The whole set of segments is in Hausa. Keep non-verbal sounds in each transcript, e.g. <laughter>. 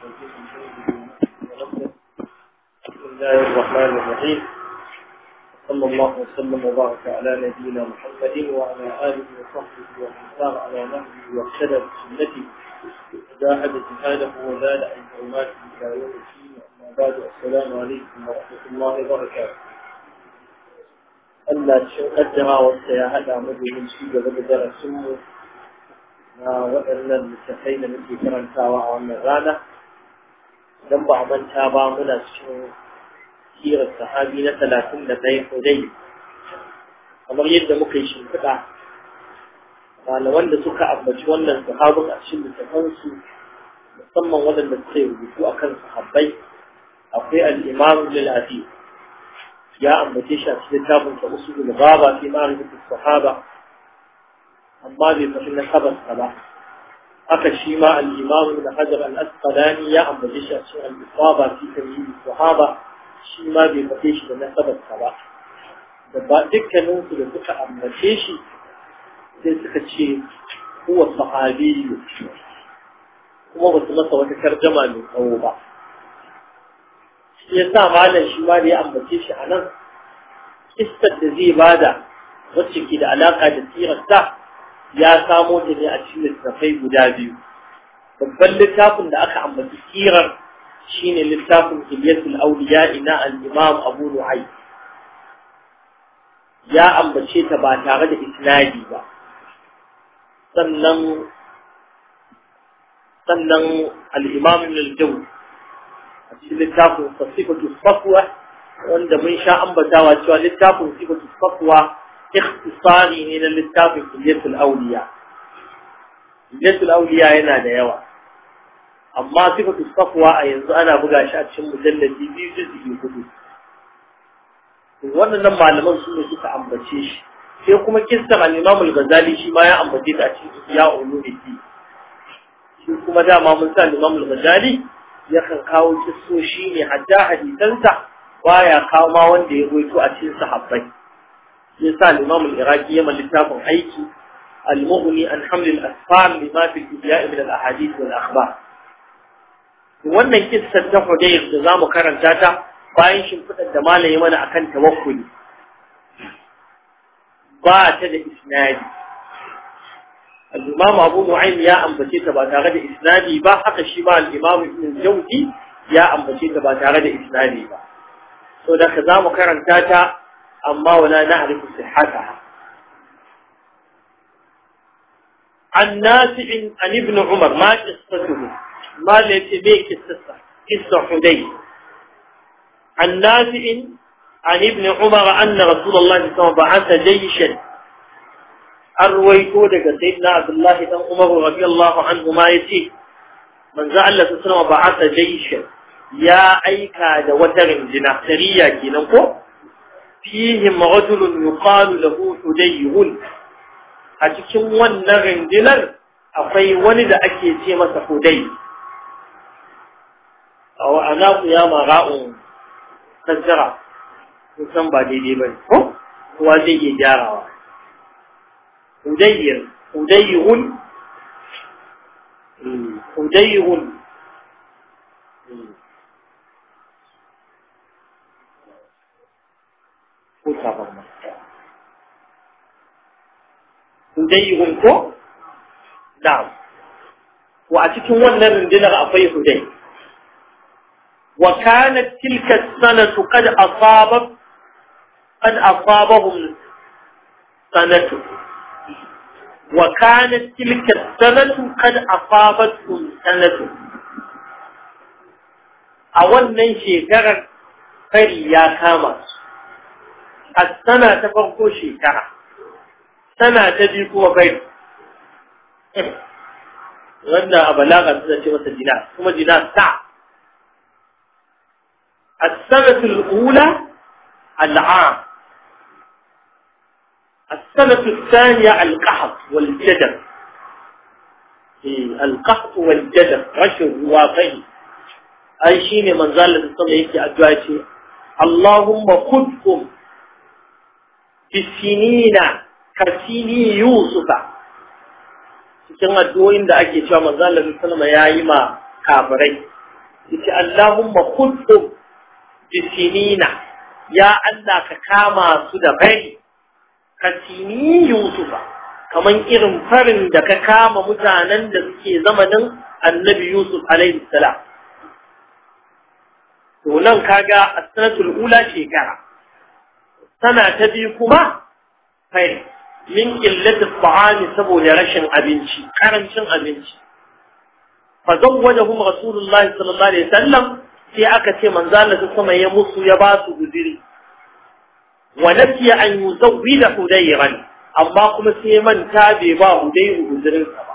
بسم الله الرحمن الرحيم صلى الله وسلم وبارك على نبينا محمد وعلى اله وصحبه ومن سار على نهجه واقتدى بسنته وجاهد جهاده وزاد عن حرماته الى يوم الدين اما بعد السلام عليكم ورحمه الله وبركاته Allah shi kaddara wanda ya hada mu da shi وإلا da darasin mu na dan ba a manta ba muna cikin sirar sahabi na talatin da ɗaya hudai kamar yadda muka yi shimfiɗa malaman da suka ambaci wannan sahabin a cikin littafansu musamman waɗanda suka yi rubutu a kan sahabbai akwai al'imamu lil ya ambace shi a cikin littafin sa usulul baba fi ma'rifati sahaba amma bai faɗi nasabarsa ba haka shi ma al-imam ibn hajar al-asqalani ya ambace shi a cikin al-isaba fi tarjih sahaba shi ma bai faɗe shi da nasabar sa ba da ba dukkanin su da suka ambace shi sai suka ce huwa sahabi kuma ba su masa wata tarjama mai tsawo ba shi ya sa malam shi ma da ya ambace shi a nan kistar da zai bada wacce ke da alaƙa da sirarsa ya samo ta ne a cikin littafai guda biyu babban littafin da aka ambaci shi shine littafin Audu Awliya ina al-Imam Abu Nu'ay ya ambace ta ba tare da isnadi ba sannan sannan al-Imam Ibn al a cikin littafin Sifatu Safwa wanda mun sha ambatawa cewa littafin Sifatu Safwa ikhtisari ne na littafin Ilyatul Auliya Ilyatul Auliya yana da yawa amma sifatu safwa a yanzu ana buga shi a cikin mujalladi biyu juz'i gudu. wannan malaman su ne suka ambace shi sai kuma kissar al-Imam al-Ghazali shi ma ya ambace ta a cikin ya ulumuddin shi kuma dama mun sa Imam al-Ghazali yakan kawo kissoshi ne hadda hadisansa baya kama wanda ya goyito a cikin sahabbai yasa al-imam al-iraqi ya littafin aiki al-mughni an haml al-asfar lima fi al-ibya' min al wannan kissa ta hudayr da zamu karanta ta bayan shimfidar da malami mana akan tawakkuli ba ta da isnadi al-imam abu nu'aym ya ambace ta ba tare da isnadi ba haka shi ma al ya ba tare da isnadi ba so karanta ta أما ولا نعرف صحتها عن ناس عن ابن عمر ما قصته ما ليتبيه قصته قصة حدي عن ناس عن ابن عمر أن رسول الله صلى الله عليه وسلم بعث جيشا أرويتو لك سيدنا عبد الله بن عمر رضي الله عنه ما يتي من زعل الله صلى الله عليه وسلم بعث جيشا يا أيكا دوتر جناح سريا كي نقول fihim rajulun yuqalu lahu hudayhun a cikin wannan rindinar akwai wani da ake ce masa hudai a wa'ana ku ya mara'un sajjara san ba daidai ba ko kowa zai iya gyarawa hudayyir hudayyihun hudayyihun hmm, hudaihun ko na'am wa a cikin wannan rundunar akwai hudai wa kanat tilka sanatu qad asaba qad asabahum sanatu wa kanat tilka sanatu qad asabatkum sanatu a wannan shekarar fari ya kama su a sana ta farko shekara sana ta bi kuma bai wannan a balaga suna ce masa dina kuma السنة الأولى العام السنة الثانية القحط والجدر القحط والجدر رشد واقعي أي شيء من ذلك السنة يكي أدواتي اللهم خذكم بالسنين kasini yusufa cikin addu'o'in da ake cewa manzo Allah sallallahu alaihi yi ma kafirai yace Allahumma khudhum bisinina ya Allah ka kama su da bari kasini yusufa kaman irin farin da ka kama mutanen da suke zamanin annabi yusuf alaihi salam to nan kaga as-sanatul ula shekara sana ta biyu kuma fari min qillati ta'ami saboda rashin abinci karancin abinci fa zawwajahum rasulullahi sallallahu alaihi wasallam sai aka ce manzo Allah sama ya musu ya ba su guziri wa nasiya an yuzawwida hudayran amma kuma sai manta bai ba hudayru guzirin sa ba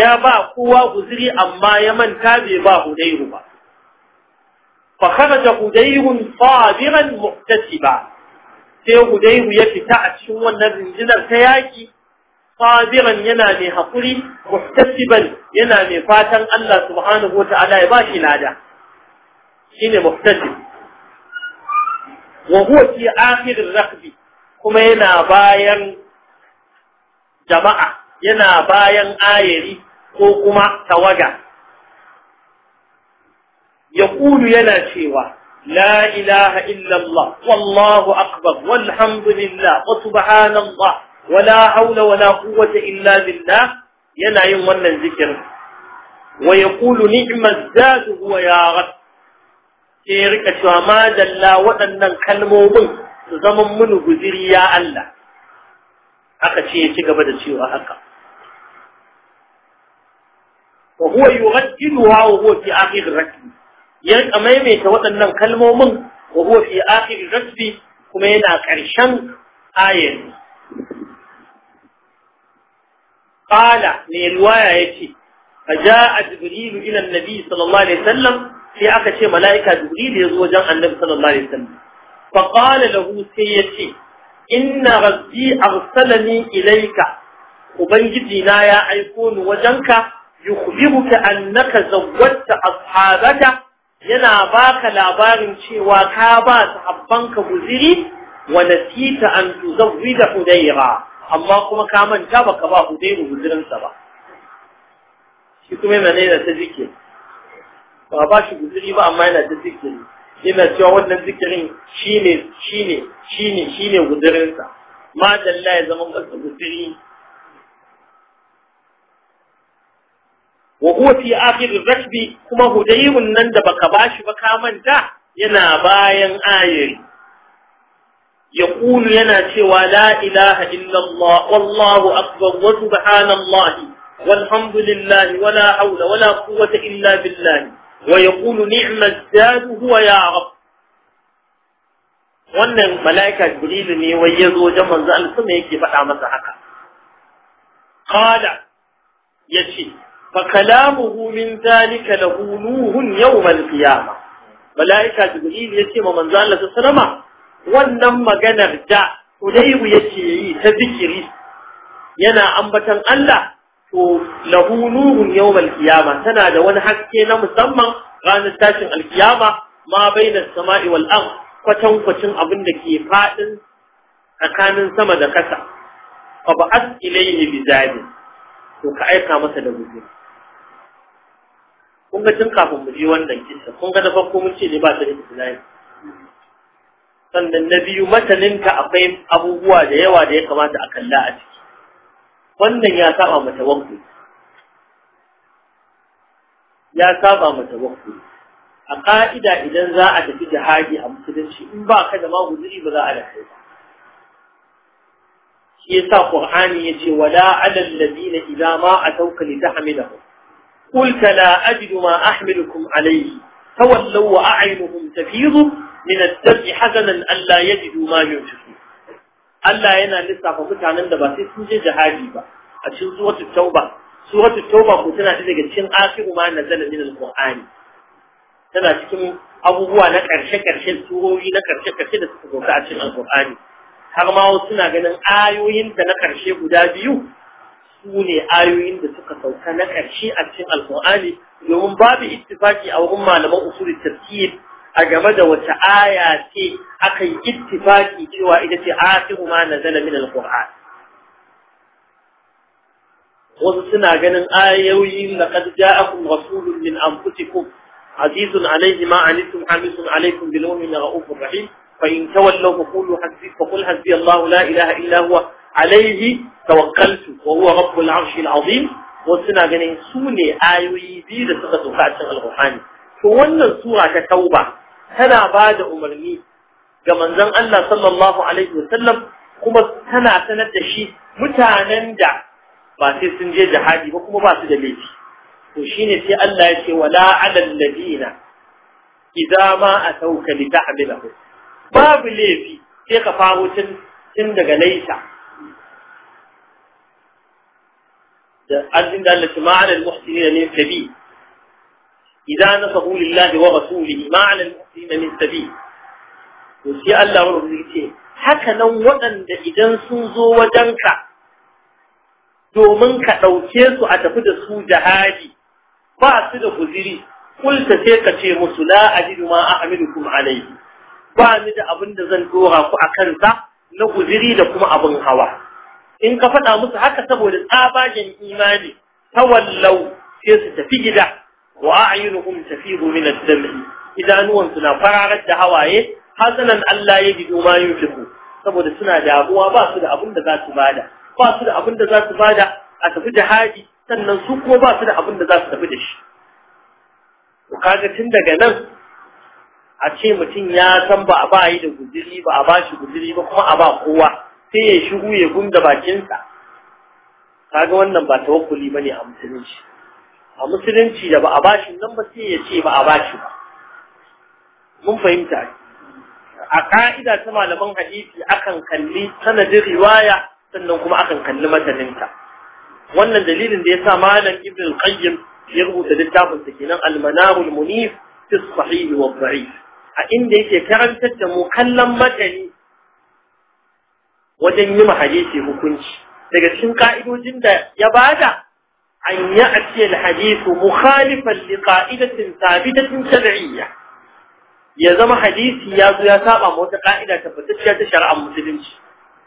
ya ba kowa guziri amma ya manta bai ba hudayru ba fa kharaja hudayrun sabiran muhtasiba sai hudaihu ya fita a cikin wannan rinjinar ta yaki sabiran yana mai hakuri muhtasiban yana mai fatan Allah subhanahu wata'ala ya ba shi lada shine muhtasib wa huwa fi akhir rakbi kuma yana bayan jama'a yana bayan ayari ko kuma tawaga yaqulu yana cewa لا إله إلا الله والله أكبر والحمد لله وسبحان الله ولا حول ولا قوة إلا بالله ينعم ون الذكر ويقول نعم الزاد هو يا رب سيرك الله وأن وأنن من زمن من غزري يا الله haka شيء شيء بدا شيء da وهو haka وهو في آخر ركب ya rika maimaita waɗannan kalmomin wa huwa fi akhir rasbi kuma yana ƙarshen ayar qala ne riwaya yace faja'a jibril ila annabi sallallahu alaihi wasallam sai aka ce mala'ika jibril ya zo wajen annabi sallallahu alaihi wasallam fa qala lahu sai yace inna rabbi arsalani ilayka ubangiji na ya aiko ni wajenka yukhbiruka annaka zawwajta ashabaka yana baka labarin cewa ka ba sahabbanka guziri wa nasita an tuzawwida hudaira amma kuma ka manta baka ba hudaira guzirin sa ba shi kuma yana da ta zikiri ba ba shi guziri ba amma yana ta zikiri yana cewa wannan zikirin shine shine shine shine guzirin sa ma dalla ya zama masa guziri wa huwa fi akhir rakbi kuma hudayrun nan da baka bashi ba ka manta yana bayan ayari yaqulu yana cewa la ilaha illa wallahu akbar wa subhanallahi والحمد لله ولا حول ولا قوة إلا بالله ويقول نعم الزاد هو ya رب wannan mala'ika jibrilu ne wai ya zo wajen manzo Allah sama yake faɗa masa haka qala yace فكلامه من ذلك له نوه يوم القيامة ملائكة جبريل يتي ومن ذال تسلم wannan maganar da Hudaybu yake yi ta zikiri yana ambatan Allah to lahu nuhun yawmal qiyama tana da wani haske na musamman ranar tashin alkiyama ma bainas sama'i wal ard kwatan abin da ke fadin tsakanin sama da kasa fa ba'at ilayhi bizadi to ka aika masa da guzuri kun ga tun kafin mu je wannan kisa, kun ga da farko mun ce ne ba ta da tunani. sannan na biyu ka akwai abubuwa da yawa da ya kamata a kalla a ciki wannan ya saba mata wakku ya saba mata wakku a ka'ida idan za a tafi jihadi a musulunci in ba ka da maguzuri ba za a da kai ba shi yasa qur'ani yace wala alal ladina idza ma atawka litahmilahum قلت لا أجد ما أحملكم عليه فولوا وأعينهم تفيض من الدم حسنا ألا يجدوا ما ينفقون ألا ينا لسا فقط عن عند باسيس نجد جهاجي با أشن سورة التوبة سورة التوبة قلتنا إذا قلت شن آخر ما نزل من القرآن تنا شكم أبو هو نكر شكر شن سوروي نكر شكر شن سوروي نكر شكر شن القرآن هرماو سنا قلن آيوين تنكر شيء قدابيو su ne ayoyin da suka sauka na ƙarshe a cikin alƙur'ani domin babu ittifaki a wurin malaman usul tafsir a game da wata aya ce aka yi ittifaki cewa ita ce akhiru ma nazala min alqur'an wasu suna ganin ayoyin laqad ja'akum rasulun min anfusikum azizun alayhi ma anitum hamisun alaykum bil mu'minin rahim فإن تولوا فقولوا حسبي فقل حسبي الله لا إله إلا هو عليه توكلت وهو رب العرش العظيم وسنا ganin su ayoyi biyu da suka sauka a cikin alƙur'ani to wannan sura ta tauba tana ba da umarni ga manzon Allah sallallahu alaihi wasallam kuma tana sanar da shi mutanen da ba sai sun je jihadi ba kuma ba su da laifi to shine sai Allah ya ce wala alal ladina idza ma atauka li ta'bilahu babu laifi sai ka faru tun daga laisa da arzikin da Allah ma'ana al-muhsinin ne sabi idan nasabu lillahi wa rasulihi ma'ana al-muhsinin ne sabi to sai Allah wa rubuci ce haka nan waɗanda idan sun zo wajenka domin ka ɗauke su a tafi da su jihadi ba su da guziri kulta sai ka ce musu la ajidu ma ahmidukum alayhi ba ni da abin da zan dora ku a kansa na guziri da kuma abin hawa in ka faɗa musu haka saboda tsabagen imani tawallau sai su tafi gida wa a'yunuhum tafidu min ad-dam'i idanuwansu na fararar da hawaye hasanan Allah ya gido ma yunfiku saboda suna damuwa ba su da abin da za su bada ba su da abin da za su bada a tafi da jihadi sannan su kuma ba su da abin da za su tafi da shi kaga tun daga nan a ce mutum ya san ba a ba yi da guziri ba a ba shi guziri ba kuma a ba kowa sai ya shigo ya gunda bakinsa kaga wannan ba tawakkuli bane a musulunci a musulunci da ba a ba shi nan ba sai ya ce ba a ba shi ba mun fahimta a ka'ida ta malaman hadisi akan kalli sanadin riwaya sannan kuma akan kalli masaninta. wannan dalilin da ya sa malam ibn al-qayyim ya rubuta littafin sa kenan al-manarul munif fi as-sahih wa dha'if a inda yake karantar da mu kallon matani wajen yi hadisi hukunci daga cikin ka'idojin da ya bada an yi a ce hadisu mukhalifan li ka'idatin sabitatin shar'iyya ya zama hadisi ya zo ya saba wata ka'ida ta tabbatacciya ta shari'ar musulunci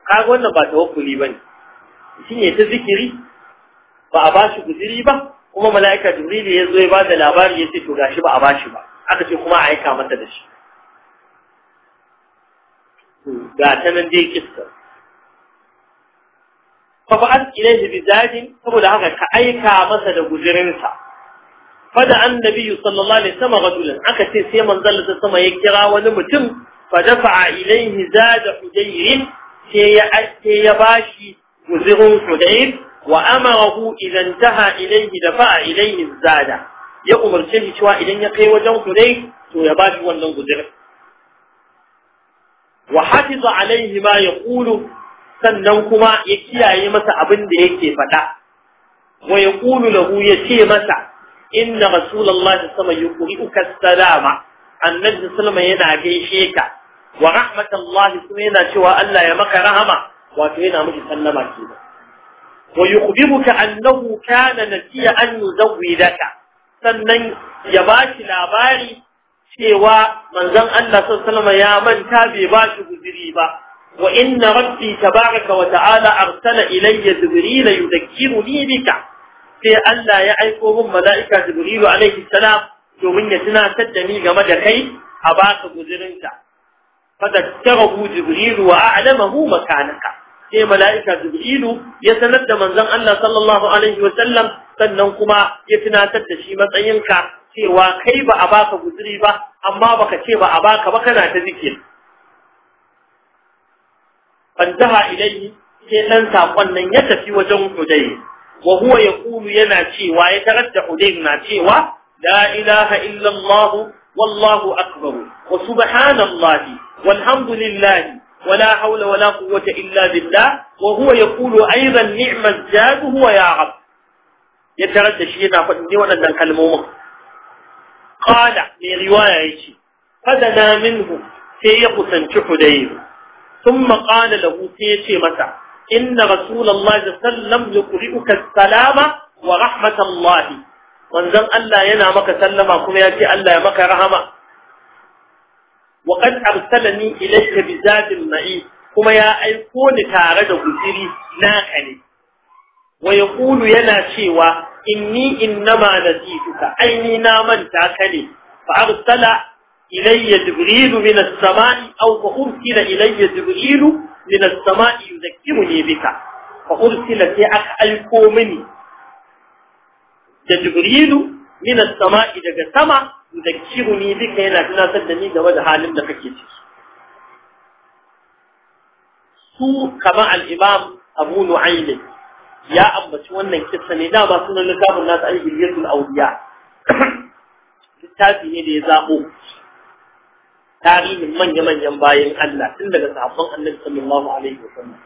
kaga wannan ba tawakkuli bane shine ta zikiri ba a bashi guziri ba kuma mala'ika jibril ya zo ya ba da labari ya ce to gashi ba a bashi ba aka ce kuma a aika masa da shi ga ta nan dai kiskar fa fa'at ilayhi bi zadin saboda haka ka aika masa da gujirinsa fada annabi sallallahu alaihi wasallam rajulan aka ce sai manzon da sama ya kira wani mutum fa dafa ilayhi zada hudayr sai ya sai ya bashi guzirin hudayr wa amarahu idan taha ilayhi dafa'a ilayhi zada ya umarce shi cewa idan ya kai wajen hudayr to ya bashi wannan guzirin wa hafiza alaihi ma yaqulu sannan kuma ya kiyaye masa abin da yake faɗa wa yaqulu lahu ya ce masa inna rasulullahi sallallahu alaihi wasallam yuqri'uka salama annabi sallallahu yana gaishe ka wa rahmatullahi kuma yana cewa Allah ya maka rahama wato yana miki sallama kenan wa yukhbiruka annahu kana nasiya an yuzawwidaka sannan ya bashi labari cewa manzon Allah sallallahu ya manta bai ba shi guziri ba wa inna rabbi tabaraka wa ta'ala arsala ilayya jibril yudakkiruni bika sai Allah ya aiko min mala'ika jibril alaihi salam domin ya tunatar da ni game da kai a baka guzirinka fadakkarahu jibril wa a'lamahu makanaka sai mala'ika jibrilu ya sanar da manzon Allah sallallahu alaihi wa sallam sannan kuma ya tunatar da shi matsayinka cewa kai ba a baka guzuri ba amma baka ce ba a baka ba kana ta zikir fantaha ilayhi sai nan sakon nan ya tafi wajen Hudayr wa huwa yaqulu yana cewa ya da hudai na cewa la ilaha illa Allah wallahu akbar wa wa subhanallahi walhamdulillahi ولا حول ولا قوة إلا بالله وهو يقول ya نعم ya tarar da shi yana faɗin فإني waɗannan kalmomin qala mai riwaya yace fadana minhu sai ya kusanci hudayr thumma maƙana lahu sai yace masa inna rasulullahi sallallahu alaihi wasallam yuqri'uka salama wa rahmatallahi manzon Allah yana maka sallama kuma ya ce Allah ya maka rahama وقد أرسلني إليك بزاد المعي كما يا أيكون تارد بزيري ناكني ويقول yana cewa. إني إنما نسيتك أيني نامنت أكلي فأرسل إلي جبريل من السماء أو فأرسل إلي جبريل من السماء يذكرني بك فأرسل تأك ألقومني جبريل من السماء إذا سمع يذكرني بك هنا كنا سدني دواد حالم لكي كما الإمام أبو نعيمه ya ambaci wannan kissa ne dama sunan littafin nasu an hilyatul auriya. littafi ne da ya zabo tarihin manya-manyan bayan Allah tun daga sahabban annabi sallallahu alaihi wasallam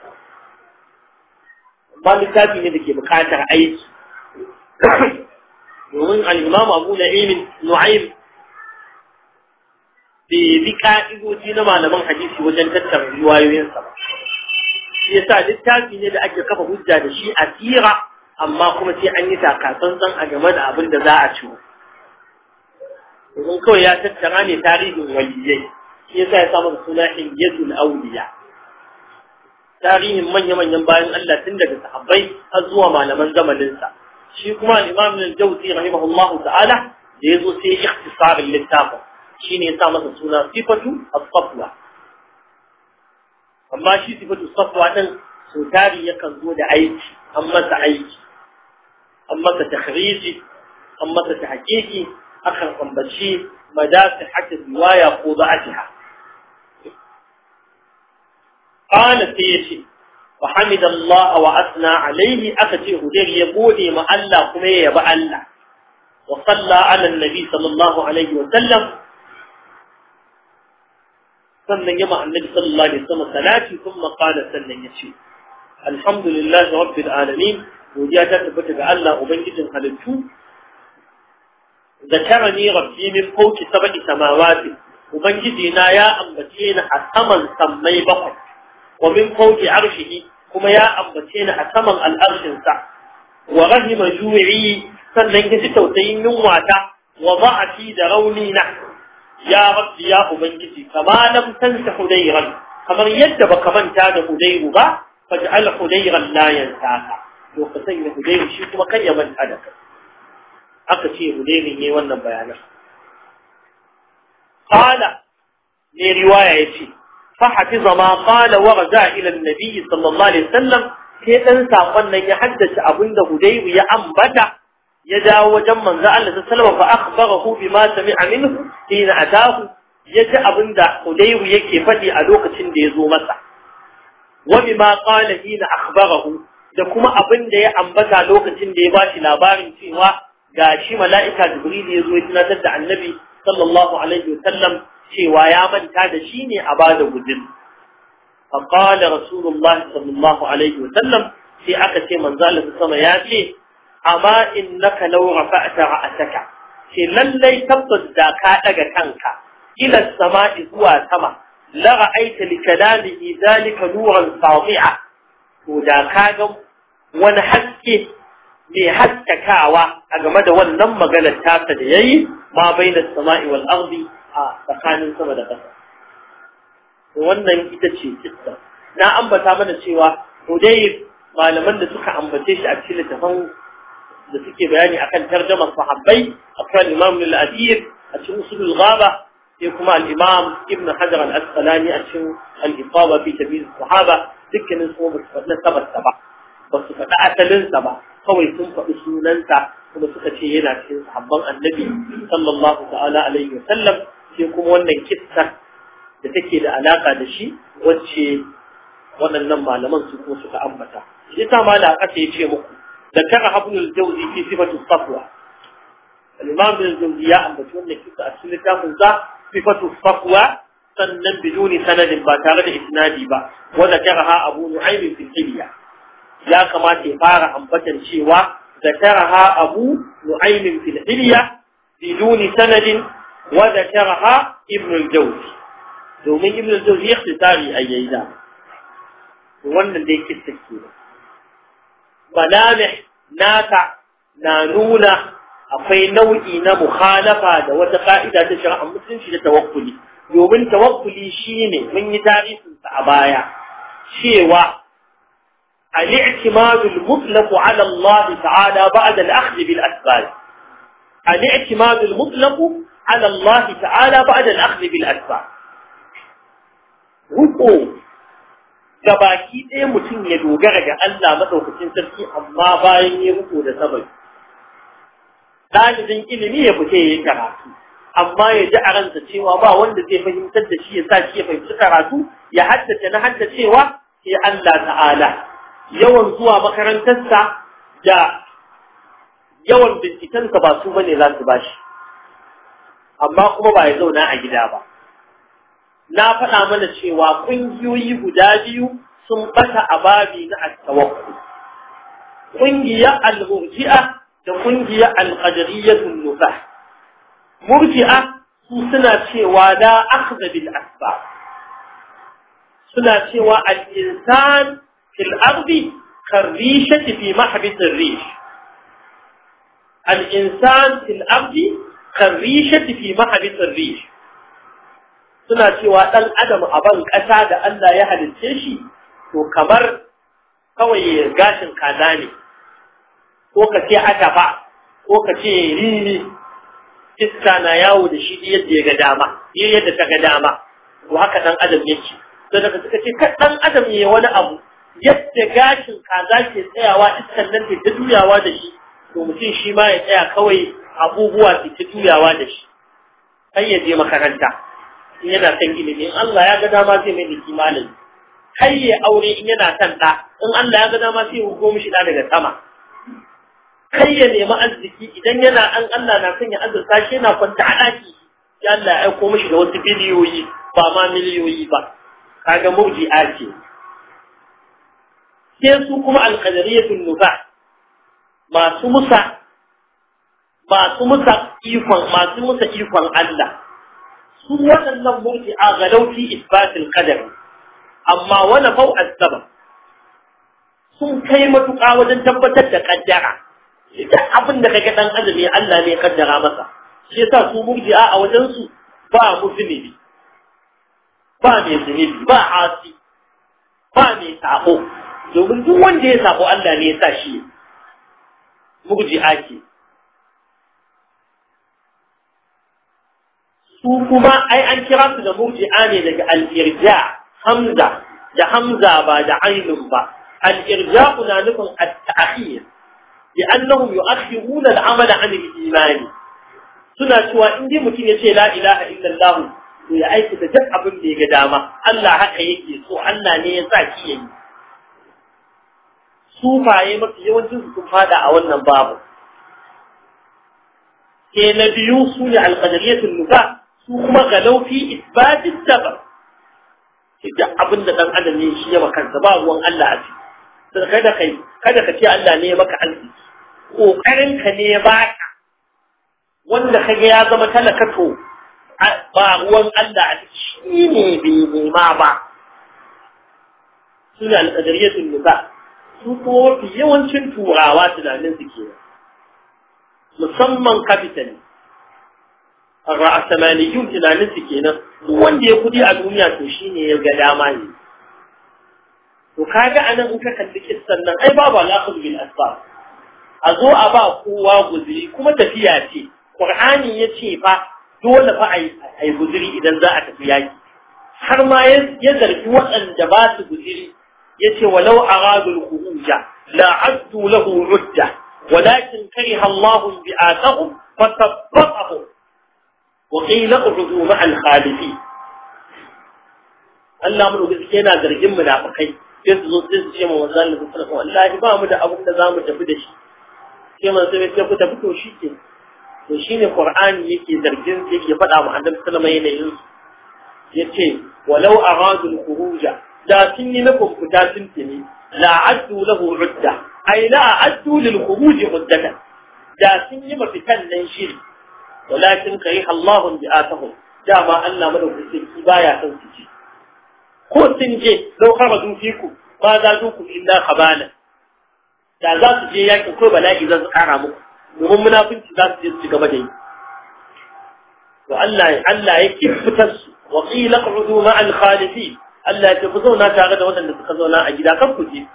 amma littafi ne da ke bukatar aiki domin al-imam Abu Na'im Nu'aym bai bi ka'idoji na malaman hadisi wajen tattara riwayoyinsa ba shi yasa littafi ne da ake kafa hujja da shi a tsira amma kuma sai an yi takatsantsan a game da abin da za a ciwo domin kawai ya tattara ne tarihin waliyai shi sa ya samu suna hiyyatul auliya tarihin manya-manyan bayan Allah tun daga sahabbai har zuwa malaman zamaninsa shi kuma al-imam al-jawzi rahimahullahu ta'ala da ya zo sai ikhtisarin littafin shine ya sa masa suna sifatu as-safwa amma shi sifatu safwa din so tari yakan zo da aiki an masa aiki an masa takhrisi, an masa tahqiqi akan ambaci madasa hatta riwaya ko da'atiha qala sai yace wa hamidallah wa asna alaihi aka ce hudair ya gode ma Allah kuma ya yabi Allah wa salla ala annabi sallallahu alaihi wa sallam sannan ya annabi sallallahu alaihi wasallam salati kuma qala sannan ya ce alhamdulillahi rabbil alamin godiya ta tabbata ga Allah ubangijin halittu zakarani rabbi min fawqi sab'i samawati ubangiji na ya ambace ni a saman sammai bakwai wa min fawqi arshihi kuma ya ambace ni a saman al'arshin sa wa rahima ju'i sannan ya tausayin yunwata wa ba'ati da rauni na. ya rabbi ya ubangiji kama lam tansa hudayran kamar yadda baka manta da hudayru ba faj'al hudayran la yansaka to ka sanya hudayru shi kuma kan ya manta da kai aka ce hudayrun yayi wannan bayanan qala ne riwaya yace fa hafiza ma qala wa raja ila annabi sallallahu alaihi wasallam sai dan sakon nan ya haddace abinda hudayru ya ambata ya dawo wajen manzo Allah sallallahu alaihi wasallam fa akhbarahu bima sami'a minhu hina atahu yaji abinda Hudayru yake faɗi a lokacin da ya zo masa wa bima qala hina akhbarahu da kuma abinda ya ambata lokacin da ya bashi labarin cewa gashi mala'ika Jibril ya zo ya tunatar da Annabi sallallahu alaihi wasallam cewa ya manta da shi ne a bada gudun فقال رسول الله صلى الله ce وسلم في أكثر من ذلك ya ياتي amma innaka law a ra'ataka ce lallai tabbas da ka ɗaga kanka ila sama'i zuwa sama la ra'aita li kalamihi zalika nuran sadi'a to da ka ga wani haske mai haskakawa a game da wannan maganar tasa da yayi ma na sama'i wal a tsakanin sama da ƙasa wannan ita ce kissa na ambata mana cewa Hudayr malaman da suka ambace shi a cikin littafin da suke bayani akan tarjamar sahabbai akan imam al-athir a cikin usulul ghaba sai kuma al-imam ibn hajar al-asqalani a cikin al-ifaba fi tamyiz sahaba dukkanin su ba su faɗi sabata ba ba su faɗi asalin sa ba kawai sun faɗi sunansa kuma suka ce yana cikin sahabban annabi sallallahu ta'ala alaihi wa sallam sai kuma wannan kissa da take da alaka da shi wacce waɗannan malaman su kuma suka ambata shi ta mala aka ce muku ذكرها ابن الجوزي في صفة الصفوة الإمام ابن الجوزي يعمل أن كيسة أسلتها من صفة الصفوة sannan biduni sanadin ba tare da isnadi ba wanda karaha abu nu'aymin fil ya kamata ya fara ambatan cewa ذكرها أبو نعيم في الحلية بدون سند وذكرها ابن الجوزي domin ibn al-jawzi ikhtisari ayyaida wannan dai kissa kenan naka na nuna akwai nau'i na mukhalafa da wata ka'ida ta shari'a musulunci da tawakkuli domin tawakkuli shine mun yi sa a baya cewa al-i'timad al-mutlaq 'ala Allah الاعتماد المطلق على الله تعالى بعد الأخذ بالأسباب mutlaq 'ala Allah ta'ala ba'da al-akhd bil asbab Ga baki ɗaya mutum ya dogara ga Allah maɗaukacin sarki amma bayan ya riko da sabai ɗalibin ilimi ya fita ya yi karatu amma ya ji a ransa cewa ba wanda zai fahimtar da shi ya sa shi ya fahimci karatu ya haddace na haddacewa sai Allah ta'ala yawan zuwa makarantarsa da yawan bincikensa ba su bane za su bashi amma kuma ba ya zauna a gida ba na faɗa mana cewa ƙungiyoyi guda biyu sun bata a babi na attawakkul ƙungiyar al-murji'a da ƙungiyar al qadariyyatun nufa murji'a su suna cewa da akhdha bil asbab suna cewa al-insan fil ardi karrishati fi mahbis ar-rish al-insan fil ardi karrishati fi mahbis ar-rish suna cewa ɗan adam a ban ƙasa da Allah ya halince shi to kamar kawai gashin kaza ne ko ka ce atafa ko ka ce rini iska na yawo da shi yadda ya ga dama yadda ta ga dama to haka ɗan adam yake to daga suka ce ka ɗan adam ya wani abu yadda gashin kaza ke tsayawa iskan nan ta juyawa da shi to mutum shi ma ya tsaya kawai abubuwa ke ta juyawa da shi sai ya je makaranta in yana son ilimi in Allah ya ga dama zai mai niki malin malami kai ya aure in yana son da in Allah ya ga dama sai ya shi mishi daga sama kai ya nemi arziki idan yana an Allah na son ya azurta shi yana kwanta a ɗaki ya Allah ya aiko mishi da wasu biliyoyi ba ma miliyoyi ba kaga murji'a ce sai su kuma alƙadariyatul nuba masu musa masu musa ikon masu musa ikon Allah su waɗannan murji'a ga fi isbatil qadar amma wala fau sabab sun kai matuƙa wajen tabbatar da kaddara duk abin da kake dan azumi Allah ne ya kaddara masa shi yasa su murji'a a wajen su ba musulmi ba mai zunubi ba asi ba mai sako domin duk wanda ya sako Allah ne ya sa shi murji'a ke su kuma ai an kira su da murji'a ne daga al-irja hamza da hamza ba da ainun ba al-irja na nufin at-ta'khir لأنهم يؤخرون العمل عن الإيمان suna cewa in dai mutum ya ce la ilaha illallah to ya aiki da duk abin da ya ga dama Allah haka yake so Allah ne ya sa ki yayi sufaye mafi yawancin su sun fada a wannan babu ke na biyu su ne alqadariyatul nufa su kuma laufi fi da sabab idan abin da dan adam ne shi ya maka ba ruwan Allah a ciki sai kada kai kada ka ce Allah ne ya maka arziki kokarin ka ne ya baka wanda kaga ya zama talaka to ba ruwan Allah a ciki shine bai nema ba suna al-qadariyatul nuba su ko yawancin turawa tunanin su kenan musamman kapitalist ra'asamaniyun tunanin su kenan duk wanda ya kudi a duniya to shine ya ga dama ne to kaga anan in ka kalli kissan nan ai babu alaqul bil asbab a zo a ba kowa guziri kuma tafiya ce ya yace fa dole fa yi guzuri idan za a tafi yaki har ma ya zargi waɗanda ba su guzuri yace walau aradul khuruja la addu lahu udda walakin kariha Allah bi'atahum fasabbaqahum وقيل اقعدوا مع الخالفين الله من وجد كينا زرجم من عبقين كذلوا تزجم وزال لكم صلقوا ما مدى أبو تزام تفدش كما سبيت يقول تفدو شيكي وشين القرآن يكي زرجم يكي بدع معلم سلمين ينص يكي ولو أرادوا الخروج لا سني لكم كتا سنتني لا عدوا له عدة أي لا عدوا للخروج عدة لا سني لا ننشيري walakin kariha Allahu bi'atahum dama Allah madaukakin ki baya son su ji ko sun je lau kharaju fikum ba za duku illa khabala da za su je yakin ko bala'i zan su kara muku domin munafinci za su je su gaba da yi to Allah Allah yake fitar su wa qila al khalifin Allah ya ce zauna tare da waɗanda suka zauna a gida kan ku je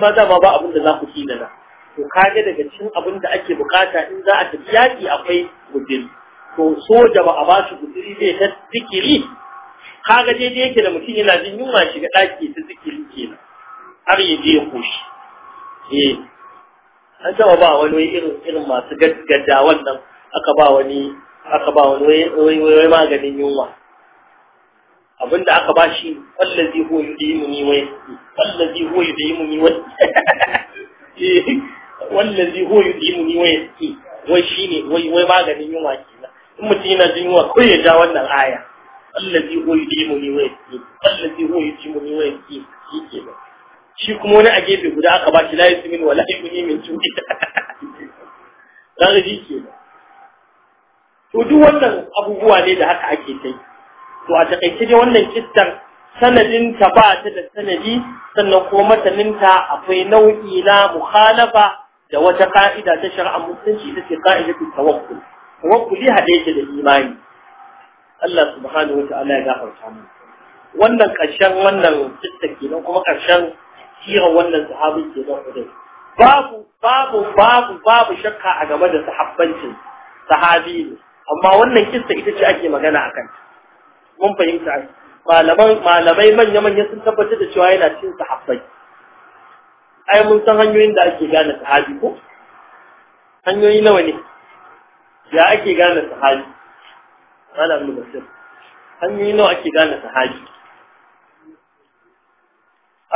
ma ba abinda za ku kila na to kage daga cikin abin da ake bukata in za a tafi yaki akwai gudiri to soja ba a ba shi gudiri ne ta zikiri kaga dai yake da mutum yana jin yunwa shiga ɗaki ta zikiri kenan har ya je ya koshi eh an taɓa ba wani irin irin masu gaggada wannan aka ba wani aka ba wani wai wai maganin yunwa Abin da aka ba shi wallazi huwa yudimuni wai wallazi huwa yudimuni wai <laughs> wallazi huwa yudimuni waye yasqi wai shine wai wai maganin yunwa kina in mutum yana jin yunwa ko ya ja wannan aya allazi huwa yudimuni wa yasqi allazi huwa yudimuni wa yasqi shike ba shi kuma wani a gefe guda aka ba shi la min wala ni min tuki dan ji ke to duk wannan abubuwa ne da haka ake kai to a takaice dai wannan sanadin sanadinta ba ta da sanadi sannan ko ta akwai nau'i na mukhalafa da wata ka'ida ta shari'a musulunci ita ce ka'idatul tawakkul tawakkuli hade yake da imani Allah subhanahu wa ta'ala ya gafarta mu wannan karshen wannan kitta nan, kuma karshen sirar wannan sahabin kenan kudai babu babu babu babu shakka a game da sahabbancin sahabi ne amma wannan kissa ita ce ake magana a kanta. mun fahimta malaman malamai manya manya sun tabbatar da cewa yana cin sahabbai ai mun san hanyoyin da ake gane sahabi ko hanyoyi nawa ne ya ake gane sahabi wala ibn basir hanyoyi nawa ake gane sahabi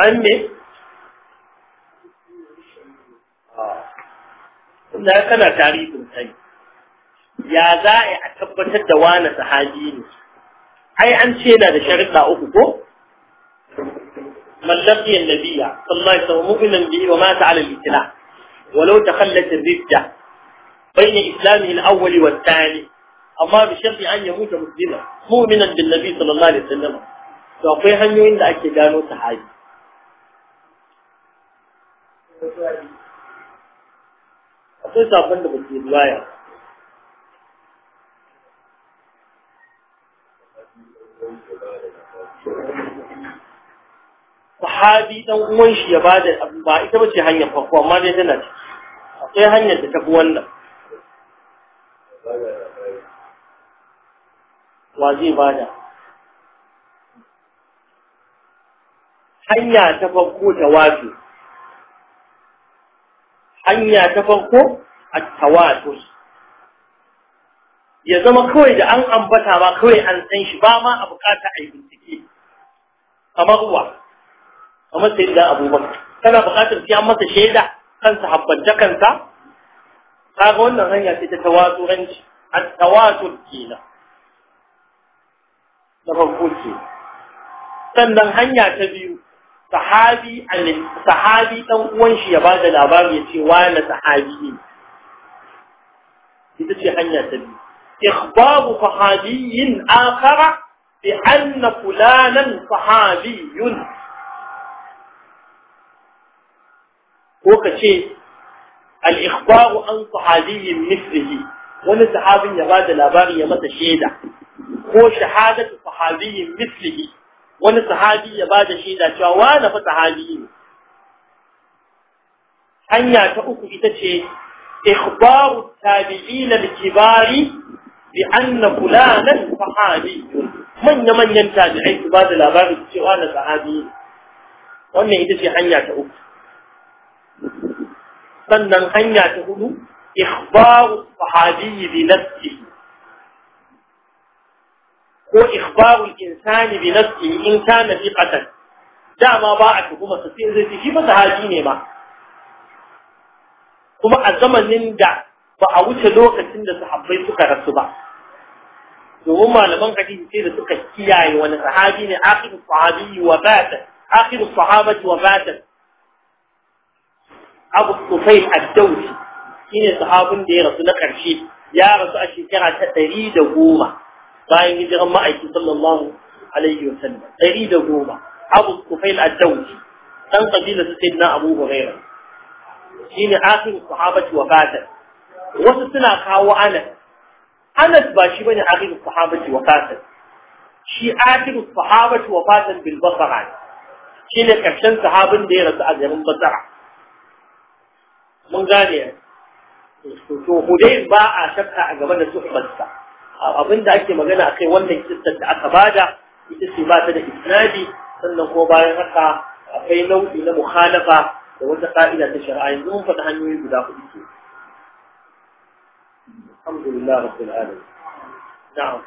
an ne ya ah, kana tarihin sai ya za a tabbatar da wani sahabi ne ai an ce yana da sharuɗa uku ko من لقي النبي صلى الله عليه وسلم مؤمنا به ومات على الإسلام ولو تخلت الردة بين إسلامه الأول والثاني أما بشرط أن يموت مسلما مؤمنا بالنبي صلى الله عليه وسلم فأقول يوين لأكي قالوا صحابي أقول صاحبنا بالرواية sahabi dan uwan shi ya bada abu ba ita bace hanyar farko amma dai tana ci akwai hanyar da ta fi wannan wa zai bada hanya ta farko ta wato hanya ta farko a tawatus ya zama kawai da an ambata ba kawai an san shi ba ma a bukata a yi bincike kamar uwa kamar sai da abubakar kana buƙatar sai an masa shaida kansa habbanta kansa kaga wannan hanya ce ta tawatsuranci at-tawatur kenan na farko ce sannan hanya ta biyu sahabi sahabi dan uwan shi ya bada labari ya ce wani sahabi ne ita ce hanya ta biyu ikhbaru sahabiyyin akhara bi anna fulanan sahabiyyun ko al-ikhbaru an sahabiyyin mithlihi wani sahabin ya bada labari ya mata sheda ko shahadatu sahabiyyin mithlihi wani sahabi ya bada sheda cewa wani fa sahabi ne hanya ta uku ita ce al tabi'in kibari إخبار التابعين الكبار بأن فلانا صحابي من bada labari cewa الأبار sahabi wannan ita ce في ta uku sannan hanya ta hudu ikhbaru sahabi bi nafsihi ko ikhbaru insani bi nafsihi in kana fiqatan dama ba a tuhuma sa sai zai shi fa sahabi ne ma kuma a zamanin da ba a wuce lokacin da sahabbai suka rasu ba domin malaman hadisi sai da suka kiyaye wani sahabi ne akhiru sahabi wa bata akhiru sahabati wa bata abu tufail ad shi ne sahabin da ya rasu na ƙarshe. ya rasu a shekara ta ɗari da goma bayan hijiran ma'aiki sallallahu alaihi wa sallam ɗari da goma abu tufail ad-dawsi dan kabila su sai na abu huraira shine akhiru sahabati wa fatan wasu suna kawo anas anas ba shi bane akhiru sahabati wa fatan shi akhiru sahabati wa fatan bil Shi ne ƙarshen sahabin da ya rasu a garin basra mun gane to Hudayr ba a shakka a game da suhbarsa abinda ake magana akai wannan kissar da aka bada ita ce ba ta da isnadi sannan ko bayan haka akwai nau'i na mukhalafa da wata ka'ida ta shari'a yanzu mun faɗi hanyoyi guda hudu ke alhamdulillah rabbil alamin na'am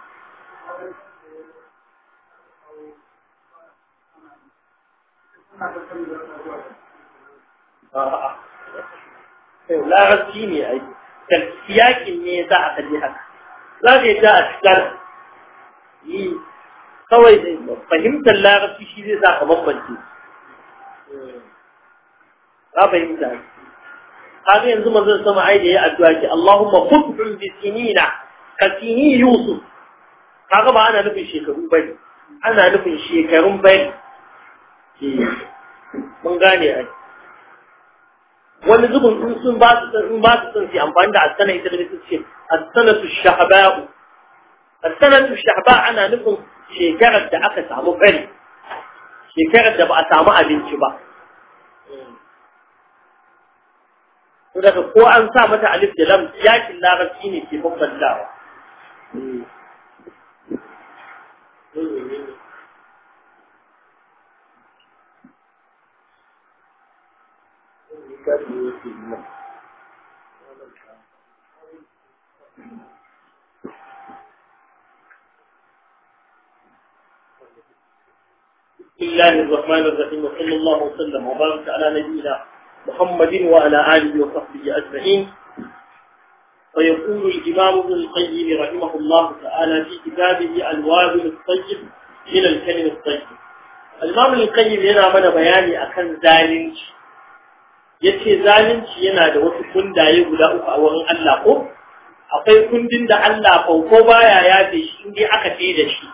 Uh-huh. larabci ne ai yakin ne ya sa a kalli haka za ka yi ta a cikar yi kawai fahimtar larabci shi zai sa ka bambance ka fahimta kaga yanzu manzon sama ai da ya addu'a ki Allahumma khudhum bi sinina ka sini Yusuf kaga ba ana nufin shekaru bane ana nufin shekarun bane mun gane ai wani zubin in sun ba su in ba su san su amfani da asana ita da su ce asanatu shahaba'u asanatu shahaba ana nufin shekarar da aka samu fari shekarar da ba a samu abinci ba to daga ko an sa mata alif da lam yakin larabci ne ke babban dawa بسم الله الرحمن الرحيم وصلى الله وسلم وبارك على نبينا محمد وعلى آله وصحبه أجمعين فيقول الإمام ابن القيم رحمه الله تعالى في كتابه الوابل الطيب إلى الكلم الطيب الإمام القيم هنا بدا بياني أكن ذلك Ya ce zalunci yana da wasu kundaye guda uku a wurin Allah ko akwai kundin da Allah ko baya yafe shi in aka ce da shi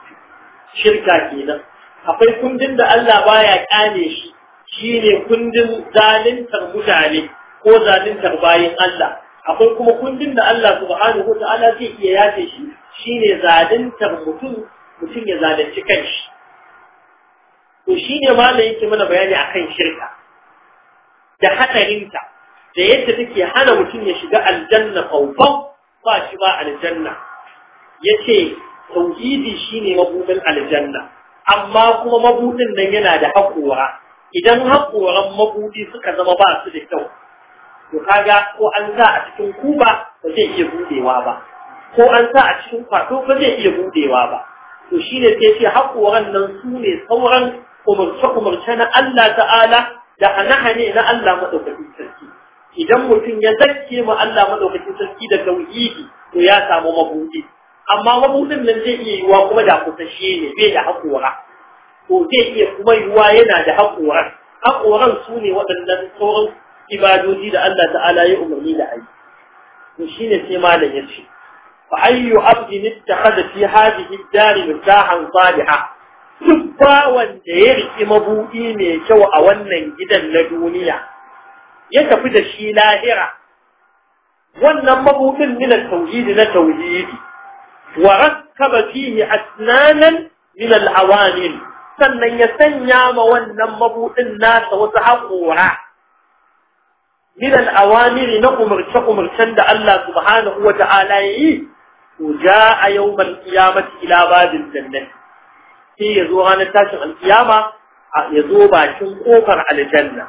shirka kenan akwai kundin da Allah baya kane shi shine kundin zaluntar mutane ko zaluntar bayin Allah akwai kuma kundin da Allah subhanahu wa ta'ala zai iya yafe shi shine zaluntar mutum mutum ya zalunci kanshi to shine malai yake mana bayani akan shirka da hatarinta da yadda take hana mutum ya shiga aljanna faufau ba shi ba aljanna yace tauhidi shine mabudin aljanna amma kuma mabudin nan yana da haƙora idan haƙoran mabudi suka zama ba su da kyau to kaga ko an sa a cikin kuba ba zai iya budewa ba ko an sa a cikin kwato ba zai iya budewa ba to shine sai ce haƙoran nan su ne sauran umarce-umarce na Allah ta'ala da hane-hane na Allah madaukakin sarki idan mutum ya zarke mu Allah maɗaukakin sarki da tauhidi to ya samu mabudi amma mabuɗin nan zai iya yiwa kuma da kusashe ne bai da haƙora to zai iya kuma yiwuwa yana da haƙora haƙoran su ne waɗannan sauran ibadoji da Allah ta'ala ya umarni da ayi to shine sai malam ya ce fa ayyu abdin ittakhadha fi hadhihi ad-dar mutahan duk bawan da ya riƙi mabuɗi mai kyau a wannan gidan na duniya ya tafi da shi lahira wannan mabuɗin minan tauhidi na tauhidi wa rakkaba fihi asnanan min al-awanin sannan ya sanya ma wannan mabuɗin nasa wasu haƙora min al-awamir na umarce umarcen da Allah subhanahu wa ta'ala yi to ja'a yawmal qiyamati ila babil jannati sai ya zo ranar tashin alkiyama ya zo bakin kofar aljanna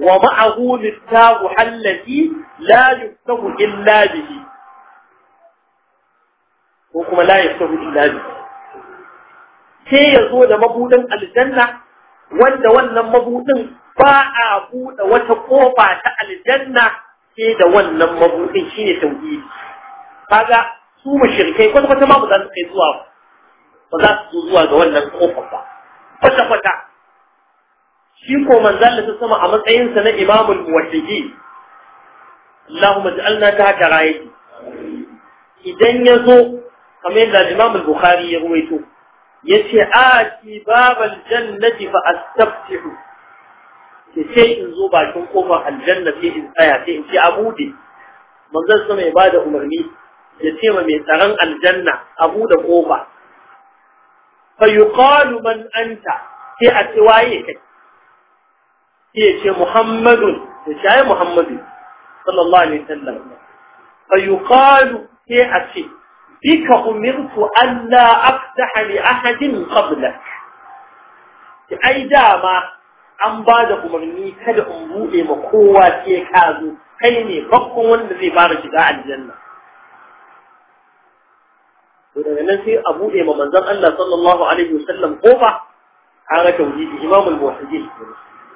wa ma'ahu littahu allati la yuftahu illa bihi ko kuma la yuftahu illa bihi sai ya zo da mabudin aljanna wanda wannan mabudin ba a buɗe wata kofa ta aljanna sai da wannan mabudin shine tauhidi kaga su mushrikai kwata kwata ma ba za su kai zuwa ba za su zuwa ga wannan kofar ba kwata kwata shi ko manzon da sama a matsayinsa na imamul muwahhidi Allahumma ja'alna ta haka rayi idan ya zo kamar yadda Imam al-Bukhari ya ruwaito yace ati babal jannati fa astaftihu ce in zo bakin kofar aljanna sai in tsaya sai in ce abude manzan sama ya bada umarni ya ce ma mai tsaron aljanna abu da kofa فيقال من أنت في أسوائك في محمد في محمد صلى الله عليه وسلم فيقال في أسي بك أمرت أن لا أفتح لأحد قبلك أي داما أن بعدك مني كالأمبوء مقوة في كازو كيني فقوا لذي بارك داع الجنة to daga nan sai a buɗe ma manzon Allah sallallahu alaihi wasallam kofa kaga tauhidi imamul muwahhidin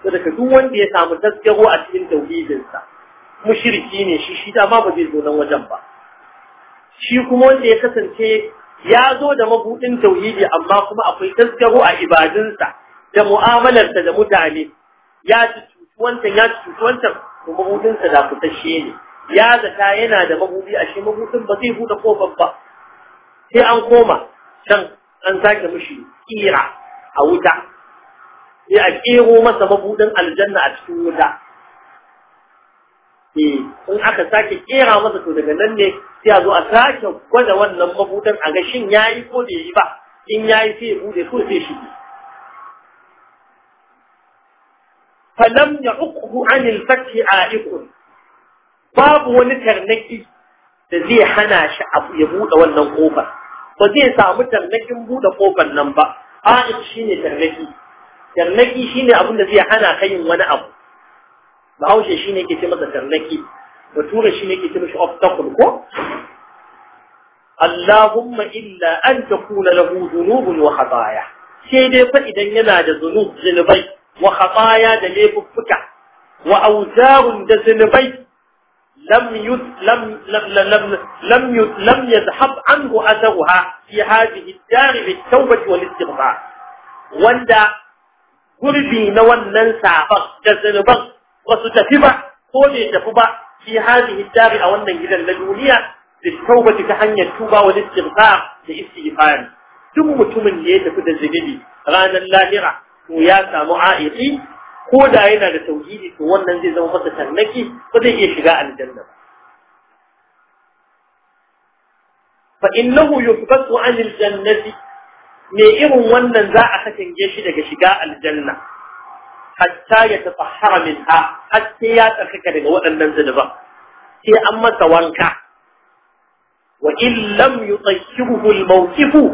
to daga duk wanda ya samu tasgaro a cikin tauhidin sa mushriki ne shi shi dama ba zai zo nan wajen ba shi kuma wanda ya kasance ya zo da mabuɗin tauhidi amma kuma akwai tasgaro a ibadunsa da mu'amalarsa da mutane ya ci wancan ya ci wancan to mabudinsa da fitashe ne ya zata yana da mabuɗi a shi mabudin ba zai buɗe kofar ba sai an koma can an sake mishi kira a wuta sai a kero masa mabudin aljanna a cikin wuta eh in aka sake kera masa to daga nan ne sai a zo a sake gwada wannan mabudin a ga shin yayi ko bai yi ba in yayi sai ya bude ko sai shi falam ya'uqhu 'anil fathi a'ikun babu wani tarnaki da zai hana shi ya buɗe wannan kofar ba zai samu tarnakin buɗe ƙofar nan ba a'id shine tarnaki tarnaki shine abin da zai hana ka yin wani abu bahaushe shine ke ce masa tarnaki bature shine yake ce mishi obstacle ko Allahumma illa an takuna lahu dhunubun wa khataya sai dai fa idan yana da zunub zunubai wa da laifuffuka wa da zunubai لم لم لم لم لم يذهب عنه أذوها في هذه الدار بالتوبة والاستغفار وندا قربي نوانن سابق جزنبق وستتبع قولي تفبع في هذه الدار أو أن إلى الدنيا بالتوبة تحني التوبة والاستغفار لاستغفار ثم تمن يتفد الزجدي غانا اللاهرة ويا سامعائقي ko da yana da tauhidi to wannan zai zama masa tannaki ba zai iya shiga aljanna ba fa innahu yufqatu an aljannati me irin wannan za a katange shi daga shiga aljanna hatta ya tafahara minha hatta ya tsarkaka daga waɗannan zunuban sai an masa wanka wa in lam yutayyibuhu al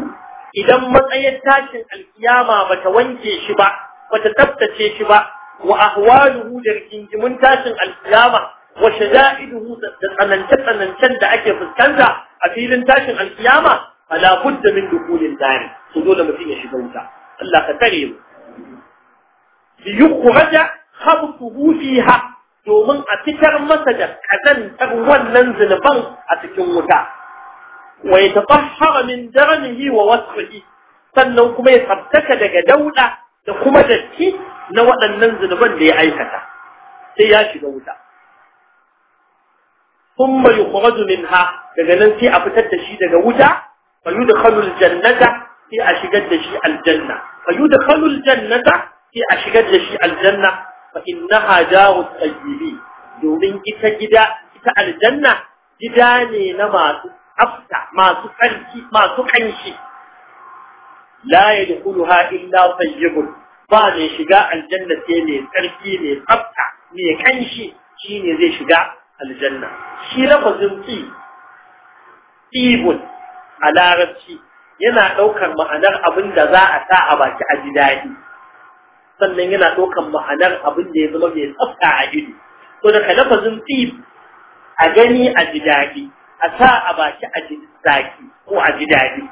idan matsayin tashin alkiyama bata wanke shi ba bata tsaftace shi ba wa ahwaluhu da rigingimin tashin alkiyama wa shaja'iduhu da tsanance-tsanancen da ake fuskanta a filin tashin alkiyama ala budda min dukulin dari su dole mutum ya shiga wuta Allah ka tare mu li yukhraja khabtuhu fiha domin a fitar masa da kazantar wannan zunuban a cikin wuta wa yatatahhara min daranihi wa wasfihi sannan kuma ya tsabtaka daga dauda da kuma datti na waɗannan zunuban da ya aikata sai ya shiga wuta kuma ثم min ha daga nan sai a fitar da shi daga wuta bayu da yudkhalu jannata sai a shigar da shi aljanna bayu da yudkhalu jannata sai a shigar da shi aljanna fa inna ha daru tayyibin domin ita gida ita aljanna gida ne na masu afta masu kanki masu kanshi la yadkhuluha illa tayyibun ba mai shiga aljanna sai mai tsarki mai tsafta mai kanshi shine zai shiga aljanna shi lafazin tsi tsibun a larabci yana ɗaukar ma'anar abin da za a sa a baki a ji daɗi sannan yana ɗaukar ma'anar abin da ya zama mai tsafta a ido to daga lafazin tsib a gani a ji daɗi a sa a baki a ji zaki ko a ji daɗi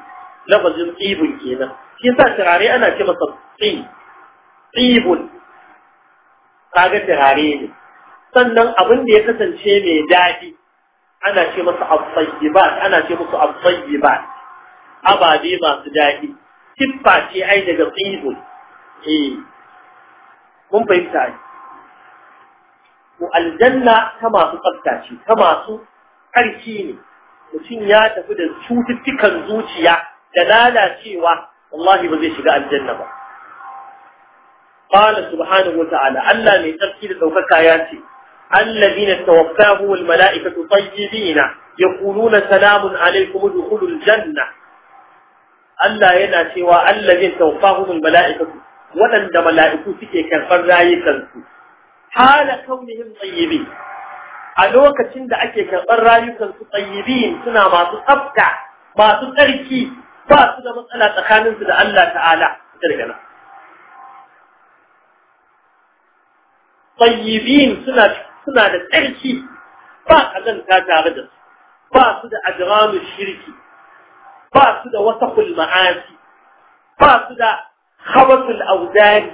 lafazin tsibin kenan shi sa turare ana ce masa tsibun kaga turare ne sannan abin da ya kasance mai daɗi ana ce masa ba ana ce musu ba ababe masu daɗi tiffa ce ai daga tsibun eh mun fahimta ai Ku aljanna ta masu tsabta ce ta masu ƙarfi ne mutum ya tafi da cututtukan zuciya da lalacewa wallahi ba zai shiga aljanna ba qala subhanahu wata'ala Allah mai tsarki da ɗaukaka ya ce alladhina tawaffahu wal mala'ikatu tayyibina yaquluna salamun alaykum udkhulul janna Allah yana cewa alladhina tawaffahu wal mala'ikatu waɗanda mala'iku suke karɓar rayukansu hala kaunihim tayyibi a lokacin da ake karɓar rayukansu tayyibi suna masu tsafta masu tsarki ba su da matsala tsakaninsu da Allah ta'ala daga tayyibin suna suna da tsarki ba kazanta tare da su ba su da ajramu shirki ba su da wasaqul ma'asi ba su da khabatul awzani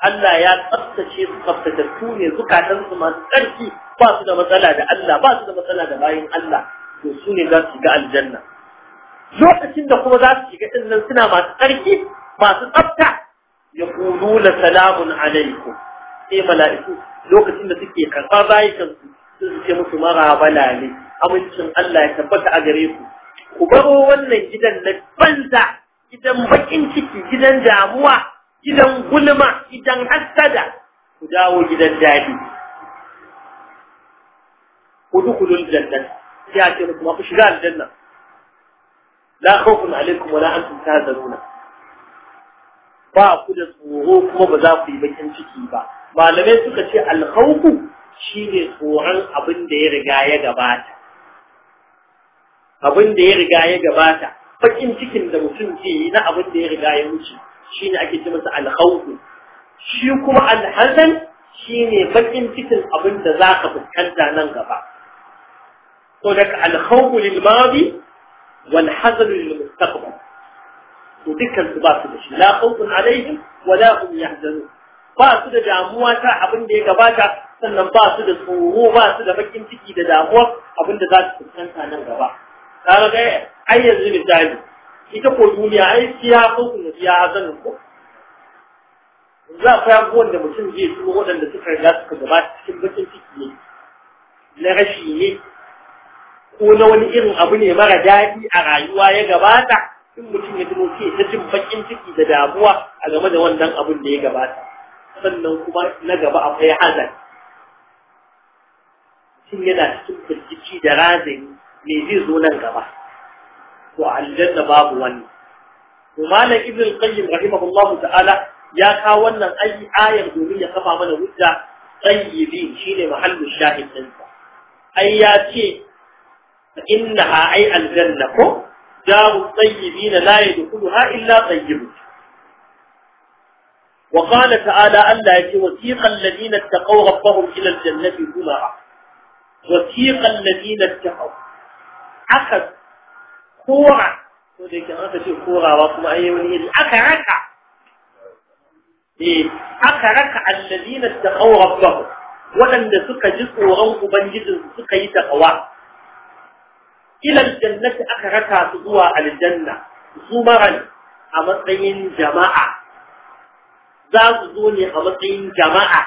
Allah ya tsaftace su tsaftace su ne zukatan su masu tsarki ba su da matsala da Allah ba su da matsala da bayin Allah to su ne za su ga aljanna lokacin da kuma za su shiga din nan suna masu tsarki masu tsafta yaquluna salamun alaikum sai mala'iku lokacin da suke karɓar bayan su su ce musu mara bala ne amincin Allah ya tabbata a gare ku ku baro wannan gidan na banza gidan bakin ciki gidan damuwa gidan gulma gidan hasada ku dawo gidan daɗi ku dukulul jannat ya ce musu ma ku shiga aljanna la khawfun wa la antum tahzanuna ba ku da tsoro kuma ba za ku yi bakin ciki ba malamai suka ce alkhawfu shine tsoron abin da ya riga ya gabata abin da ya riga ya gabata fakin cikin da mutum ke yi na abin da ya riga ya wuce shine ake ce masa alkhawfu shi kuma alhazan shine fakin cikin abin da za ka fuskanta nan gaba to daga alkhawfu lil madi wal hazan lil mustaqbal to dukkan su ba su da shi la khawfun alaihim wala hum yahzanun ba su da damuwa ta abin da ya gabata sannan ba su da tsoro ba su da bakin ciki da damuwa abin da za su fuskanta nan gaba kaga ga ai yanzu misali ita ko duniya ai siya ko kun siya zan ko za ka wanda mutum zai su waɗanda suka riga suka gabata cikin bakin ciki ne na rashi ne ko na wani irin abu ne mara daɗi a rayuwa ya gabata in mutum ya tuno ta jin bakin ciki da damuwa a game da wannan abin da ya gabata sannan kuma na gaba akwai hazan mutum yana cikin firgici da razani me zai zo nan gaba to aljanna babu wani to malam ibn qayyim rahimahullahu ta'ala ya kawo wannan ayi ayar domin ya kafa mana hujja tayyibin shine mahallu shahid din ai ya ce innaha ay aljanna ko daru tayyibin la yadkhuluha illa tayyibun وقال تعالى ألا يجي وثيق الذين اتقوا ربهم إلى الجنة هنا وثيق الذين اتقوا أخذ كورة ولكن أنت تقول كورة وطمع يوني أكرك أكرك الذين اتقوا ربهم ولن نسك جزء بن جزء سكى يتقوى إلى الجنة أكرك تقوى الجنة زمرا أمطين جماعة za su zo ne a matsayin jama'a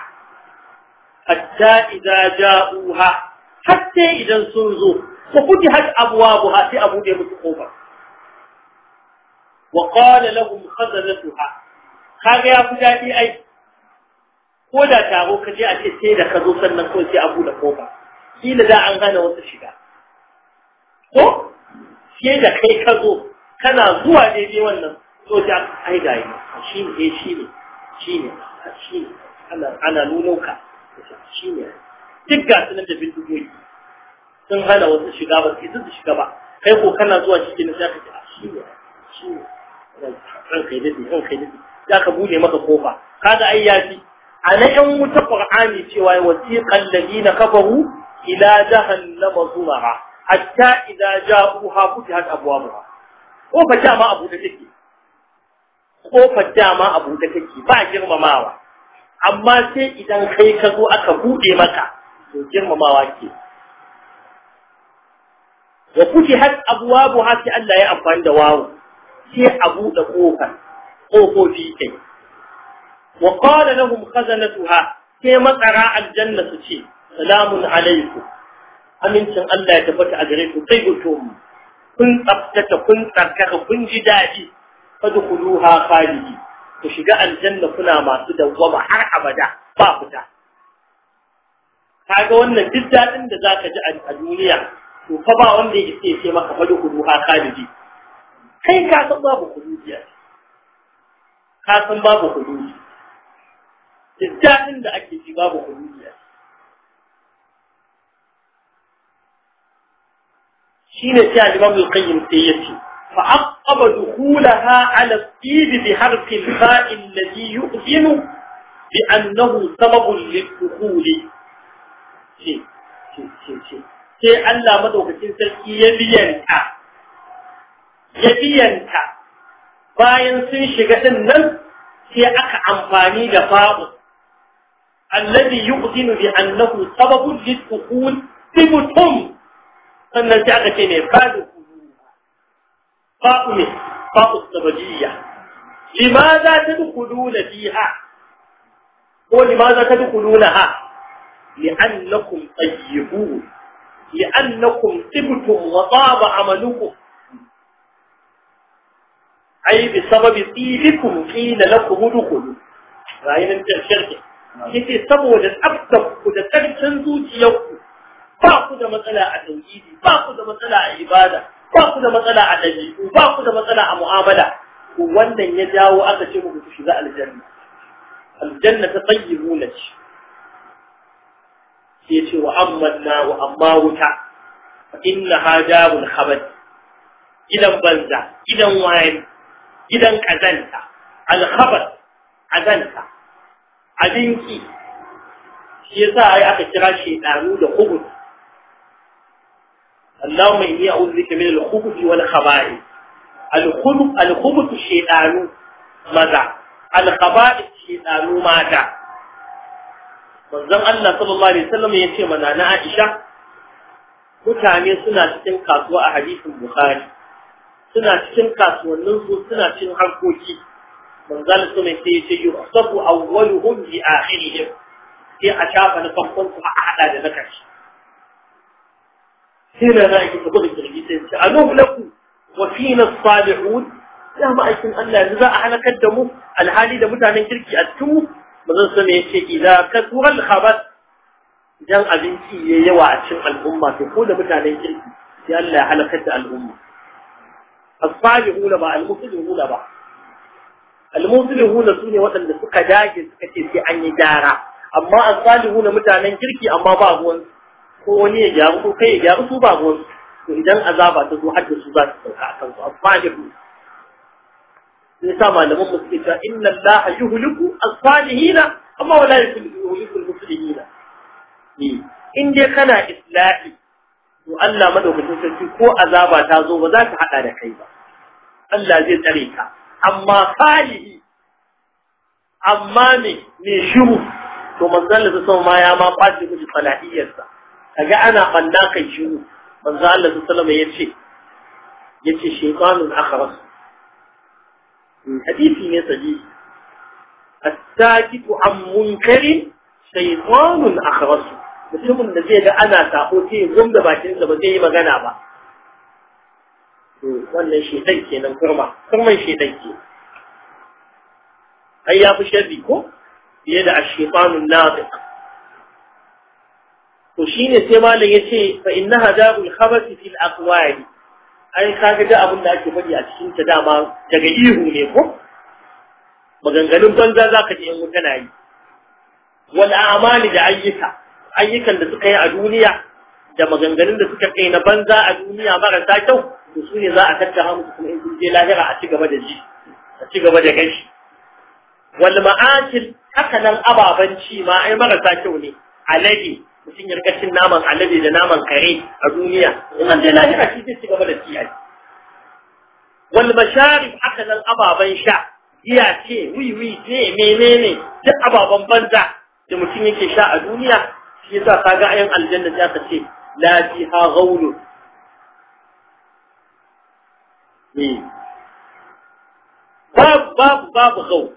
hatta idan ja'uha hatta idan sun zo ku kuti abuwa abwabuha sai abu da musu kofar wa qala lahum ka kaga ya fi daɗi ai ko da taro ka je a ce sai da ka zo sannan ko sai abu da kofa shi da an gane wasu shiga ko sai da kai ka zo kana zuwa daidai wannan so ta ai gayi shi ne shi ne shine shine ana ana nuno ka shine duk ga sunan da bindigoyi sun hana wasu shiga ba sai su shiga ba kai ko kana zuwa cikin sai ka A ah, shine shine ran kai dadi ran kai dadi za ka bude maka kofa kaga ai yafi a na yan wuta qur'ani cewa wasiqal ladina kafaru ila jahannama zumara hatta idza ja'uha futihat abwabuha ko fa ta ma abu da take kofar dama a buɗe take ba girmamawa amma sai idan kai ka zo aka buɗe maka to girmamawa ke wa kuke har abuwabu har sai Allah ya amfani da wawo sai a buɗe kofar kofofi kai wa qala lahum khazanatuha sai matsara aljanna su ce salamun alaikum amincin Allah ya tabbata a gare ku sai gutum kun tsaftata kun tsarkaka kun ji daɗi fadkhuluha khalidi ku shiga aljanna kuna masu dawwama har abada ba fita kaga wannan duk dadin da zaka ji a duniya to fa ba wanda yake sai ce maka fadkhuluha khalidi kai ka san babu khuludiya ka san babu khuludi duk dadin da ake ji babu khuludiya shine sai al-Imam al-Qayyim sai yace فعقب دخولها على السيد بحرف الفاء الذي يؤذن بأنه سبب للدخول شيء شيء شيء شيء شيء ألا يبينك يبينك باين سنشي قتلنا شيء أكا عمفاني لفاق الذي يؤذن بأنه سبب للدخول بمتهم فلنجعك كنفاده قاء من قاء السبجية لماذا تدخلون فيها ولماذا تدخلونها لأنكم طيبون لأنكم طبتم وطاب عملكم أي بسبب طيبكم قيل لكم ادخلوا رأينا انت الشركة yake saboda tsaftar ku da tsarkin zuciyarku ba ku da فأخذ مثلا tauhidi ba ba ku da matsala a ɗabi'u ba ku da matsala a mu'amala wannan ya jawo aka ce muku ku shiga aljanna aljanna ta tayyibu na sai ce wa amanna wa amma wuta inna hajabul khabat gidan banza gidan waye gidan kazanta alhabar azanta abinki shi yasa ai aka kira shedanu da kubur Allahumma inni a'udhu bika min al-khubuthi wal khaba'i al-khubuth al-khubuth shaytanu maza al-khaba'i shaytanu mata manzon Allah sallallahu alaihi wasallam ya ce mana na Aisha mutane suna cikin kasuwa a hadisin Bukhari suna cikin kasuwannin su suna cikin harkoki manzon su mai sai ce yusabu awwaluhum bi akhirihim sai a shafa na farkon su a hada da na karshe هنا نايك تقول التغيير لكم وفينا الصالحون لا ما أيكم ألا إذا أحنا كدموا الحالي لابد أن تركي التو مزن سميشي إذا كثر الخبث جان أبنتي يوى عشان الأمة تقول لابد أن تركي لأن على خد الأمة الصالحون بقى المفسدون بقى المفسدون سوني وطن سكا جاجز كتير في أني دارا amma asalihuna mutanen kirki أما ba ruwan ko wani ya gyaru ko kai ya gyaru su ba gon to idan azaba ta zo har da su za su sauka a akan su asalihu sai sa malaman mu suke cewa inna allaha yuhliku as-salihina amma wala yuhliku al Ni, eh, in dai kana islahi to Allah madaukakin sarki ko azaba ta zo ba za ta hada da kai ba Allah zai tsare ka amma salihi amma ne me shiru to manzon da sama ma ya ma kwace miji salahiyarsa kaga ana banna kai shiru manzo Allah sallallahu alaihi yace yace shaytanun akhras hmm, hadisi ne saji at-taqitu an munkarin shaytanun akhras mutumin da zai ga ana sako sai ya gumda bakin sa ba zai yi magana ba to hmm, wannan shaytan kenan kurma kurman shaytan ke ai ya fi sharri ko fiye da ash-shaytanun nadiq to shine sai malam yace fa innaha da'ul khabath fil aqwali ai kaga da abin da ake faɗi a cikin ta dama daga ihu ne ko maganganun banza zaka ji in wuta na yi wal a'mali da ayyuka ayyukan da suka yi a duniya da maganganun da suka kai na banza a duniya marasa kyau to su ne za a tattara musu kuma in sun je lahira a ci gaba da ji a ci gaba da gashi wal ma'akil haka nan ababan ci ma ai marasa kyau ne alade mutum ya cin naman alade da naman kare a duniya in an je lahira shi zai ci gaba da ci wal masharib haka nan ababan sha giya ce wiwi ce menene duk ababan banza da mutum yake sha a duniya shi yasa ga ayan aljanna za ta ce la fiha ni babu babu babu ghawl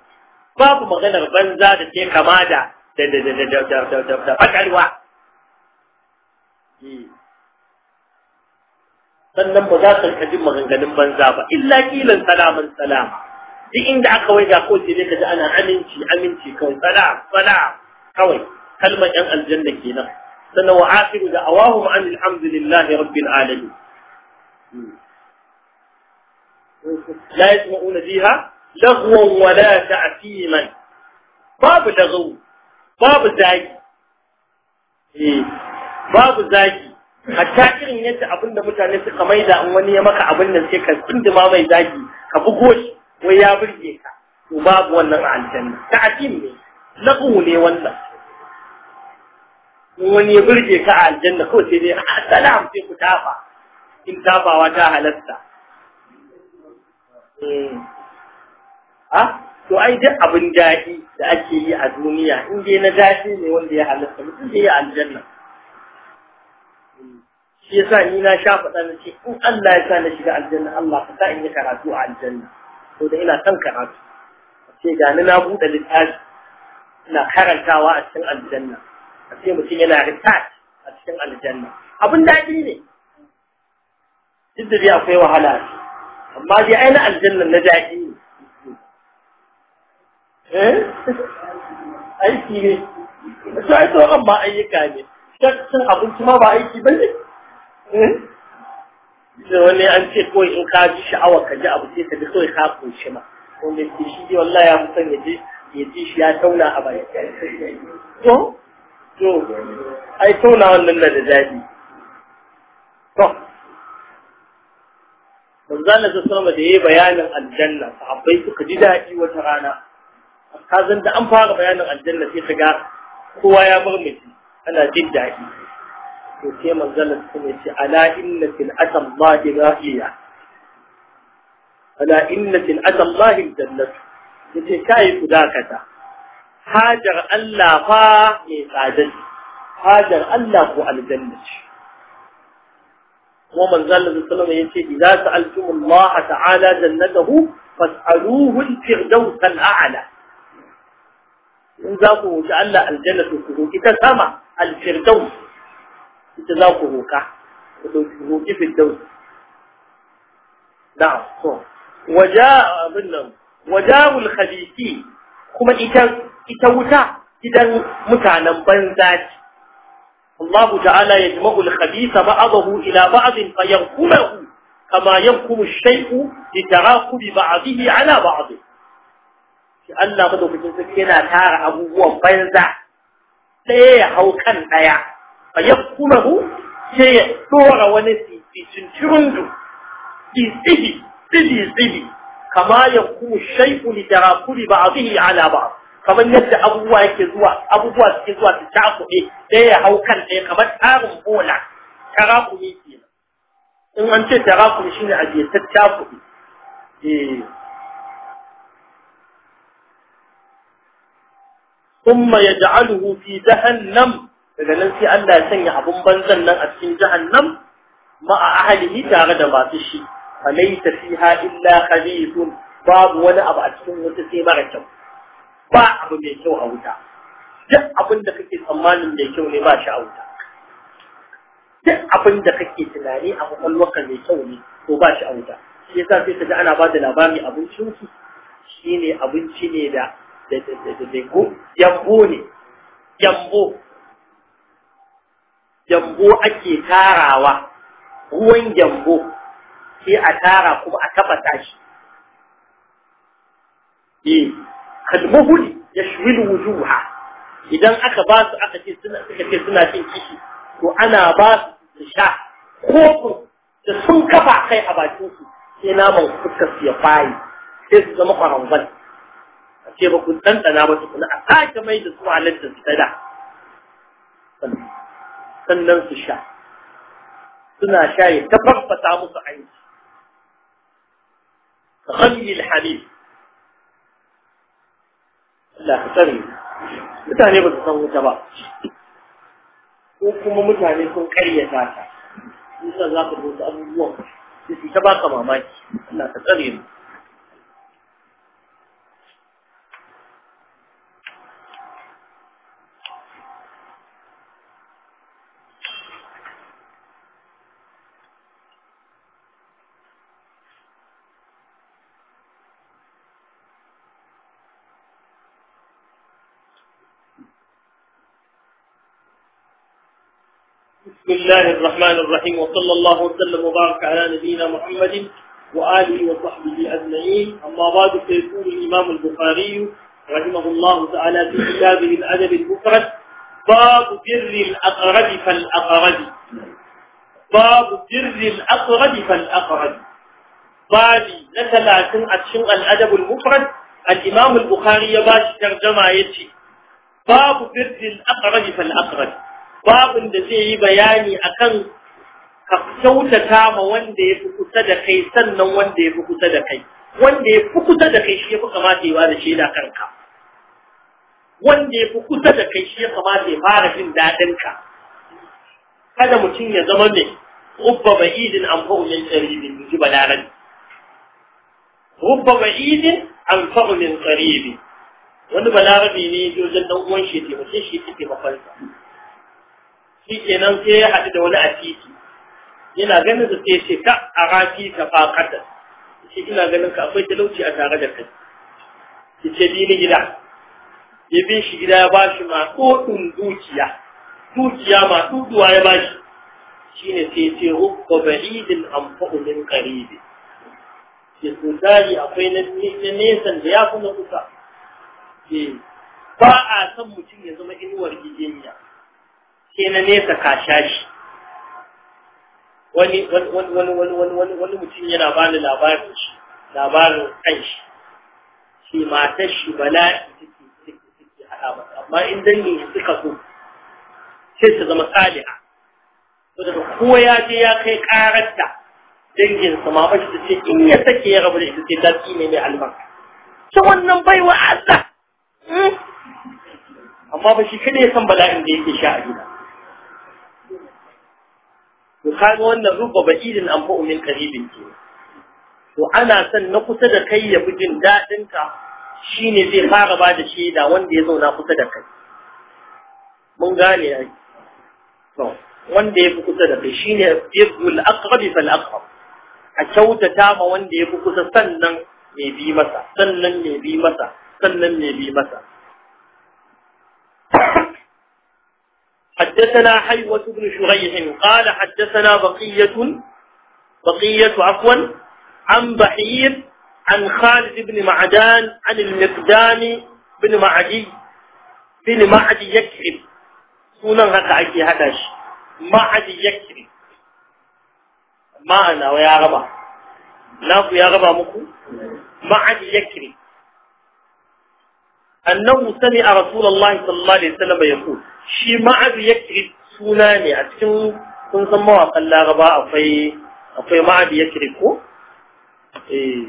babu maganar banza da ke kama da da da da da da da da sannan ba za ka rika jin maganganun banza ba illa kilan salaman salama duk inda aka wai ga kowace ne ka ji ana aminci aminci kawai salam salam kawai kalmar yan aljanna kenan sannan wa asiru da awahu ma anil hamdulillahi rabbil alamin la yasma'una fiha lagwan wa la ta'siman babu lagaw babu zagi babu zagi hatta irin yadda abin da mutane suka maida in wani ya maka abin da sai ka ma mai zagi ka bugo shi wai ya burge ka to babu wannan a aljanna ta atim ne lagu ne wannan in wani ya burge ka a aljanna ko sai dai assalam ah, sai ku tafa in tafawa ta halatta eh. a to ai duk abin daɗi da ake yi a duniya in dai na daɗi ne wanda ya halatta mutum zai yi aljanna shi yasa ni na sha faɗa na ce in Allah ya sa na shiga aljanna Allah ka sa in yi karatu a aljanna to da ina son karatu ce ga ni na buɗe littafi ina karantawa a cikin aljanna a ce mutum yana rikat a cikin aljanna abin daɗi ne duk akwai wahala amma dai aina aljanna na daɗi ne eh? <laughs> aiki ne su ai tsoron ayyuka ne cin abinci ma ba aiki ba ne da eh? wani an ce kawai in ka ji sha'awar ka ji abu sai ka ji kawai ka kunshi ma wanda ke shi biyu wallahi ya fi son ya ji ya ji shi ya tauna a bayan to to ai tauna wannan na da daɗi to manzo Allah ta sama da yayi bayanin aljanna sahabbai suka ji daɗi wata rana kazan da an fara bayanin aljanna sai ka ga kowa ya bar mutum ana jin daɗi to sai manzalin sun ya ce ala inna til'ata Allah rahiya ala inna til'ata Allah jannat yace kai ku dakata hajar Allah fa mai tsada hajar Allah ku aljanna ce kuma manzalin sallallahu alaihi wasallam yace idza sa'altum Allah ta'ala jannatahu fas'aluhu al-firdaws al-a'la in za ku wuce Allah aljanna ku ku ita sama al-firdaws ita za ku roka ku ɗauki roki na'am to waja abin nan wajahul khabisi kuma ita ita wuta idan mutanen banza ce Allah ta'ala ya jima'u al-khabisa ba'dahu ila ba'd fa yankumahu kama yankumu shay'u li tarakubi ba'dihi ala ba'd shi Allah madaukakin sarki yana tara abubuwan banza ɗaya ya hau kan ɗaya fa yahkumahu sai ya dora wani titin turundu tsibi tsibi tsibi kama yankumu shay'u li tarakuli ba'dihi yadda abubuwa yake zuwa abubuwa suke zuwa su cakuɗe sai ya hau kan ɗaya kamar tsarin bola tarakumi kenan in an ce tarakumi shine ajiye ta Kuma ya ثم يجعله في جهنم daga nan sai Allah ya sanya abun banzan nan a cikin jahannam a ahlihi tare da masu shi falaysa fiha illa khalifun babu wani abu a cikin wuta sai mara kyau ba abu mai kyau a wuta duk abin da kake tsammanin mai kyau ne ba shi a wuta duk abin da kake tunani a kwakwalwarka mai kyau ne to ba shi a wuta shi yasa sai ka ana ba da labari abincinsu shine abinci ne da da da da da ne yambo gyambo ake tarawa ruwan gyambo sai a tara kuma a tabata shi eh kalmuhul yashwil wujuha idan aka ba su aka ce suna suka ce suna cin kishi to ana ba su sha ko da sun kafa kai a bakin su sai naman fuskar su ya fayi sai su zama kwarangon a ce ba ku tantana ba tukuna a sake mai da su halittar da sannan su sha suna sha ya tabbata musu hanci ghammi alhamim Allah ka tsare mutane ba su san wuta ba ko kuma mutane sun karyata ta Musa za ka zo abubuwan da su ta baka mamaki Allah ka tsare mu الله الرحمن الرحيم وصلى الله وسلم وبارك على نبينا محمد وآله وصحبه أجمعين أما بعد فيقول الإمام البخاري رحمه الله تعالى في كتابه الأدب المفرد باب بر الأقرب فالأقرب باب بر الأقرب فالأقرب بابي نتلاتن شمع الأدب المفرد الإمام البخاري يباشي ترجمة يتي باب بر الأقرب فالأقرب babin da zai yi bayani akan ka kyautata ma wanda ya fi kusa da kai sannan wanda ya fi kusa da kai wanda ya fi kusa da kai shi ya fi kamata ya da shaida kanka wanda ya fi kusa da kai shi ya kamata ya fara jin daɗin ka kada mutum ya zama mai rubba ba'idin an fa'u min qaribin in ji balaran rubba ba'idin an fa'u min wani balarabi ne wajen ɗan uwan shi ya taimake shi ya taimakonsa shi kenan sai ya haɗu da wani a titi yana ganin da sai ce a rafi ka faƙatar shi ina ganin ka akwai talauci a tare da kai ki ce bi ni gida ya bin shi gida ya bashi ma ɗin dukiya dukiya ma duduwa ya bashi shi ne sai ce hukka ba'idin amfa'u min qaribi ke so akwai na nesan da ya kuma na kusa ba a san mutum ya zama inuwar gijiya sai na nesa kasha shi wani wani mutum yana ba ni labarin shi labarin kan shi shi matar shi bala'i suke suke haɗa ba amma in su suka so sai su zama saliha saboda kowa ya je ya kai ƙararta dangin sa ma ba shi ce in ya sake ya rabu da ita sai ta ne mai albarka ta wannan baiwa Allah hmm? amma ba shi kada ya san bala'in da yake sha a gida to kaga wannan rubba ba'idin an fa'u min qaribin ke to ana son na kusa da kai ya fi jin daɗin ka shine zai fara ba da shaida wanda ya zauna kusa da kai mun gane ai to wanda ya fi kusa da kai shine yabdul aqrab fal aqrab a kyautata ma wanda ya fi kusa sannan ne bi masa sannan ne bi masa sannan ne bi masa حدثنا حيوة بن شريح قال حدثنا بقية بقية عفوا عن بحير عن خالد بن معدان عن المقدام بن معدي بن معدي يكرم سونا غكا اكي هكاش معدي يكرم ما انا ويا غبا ناكو يا غبا مكو معدي يكرم انه سمع رسول الله صلى الله عليه وسلم يقول shi ma ma'adu yakrib suna ne a cikin sun san mawaƙan laraba akwai akwai ma'adu yakrib ko eh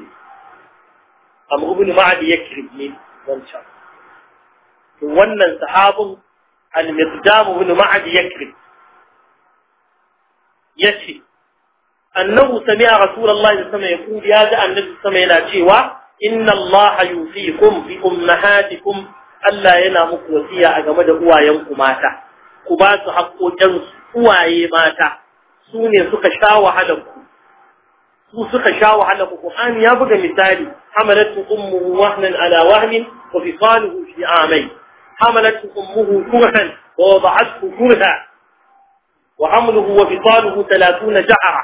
amma ma ibn ma'adu yakrib ne wancan wannan sahabin al-miqdam ibn ma'ad yakrib yace annahu sami'a rasulullahi sallallahu alaihi wasallam yaqul ya ga annabi sallallahu alaihi wasallam yana cewa inna allaha yusikum bi ummahatikum Allah yana muku wasiya a game da uwayenku mata ku ba su haƙoƙin uwaye mata su ne suka sha wahalar ku su suka sha wahalar ku Qur'an ya buga misali hamalatu ummuhu wahnan ala wahmin wa fisaluhu fi amay hamalatu ummuhu kurhan wa wada'athu kurha wa hamluhu wa fisaluhu 30 ja'ara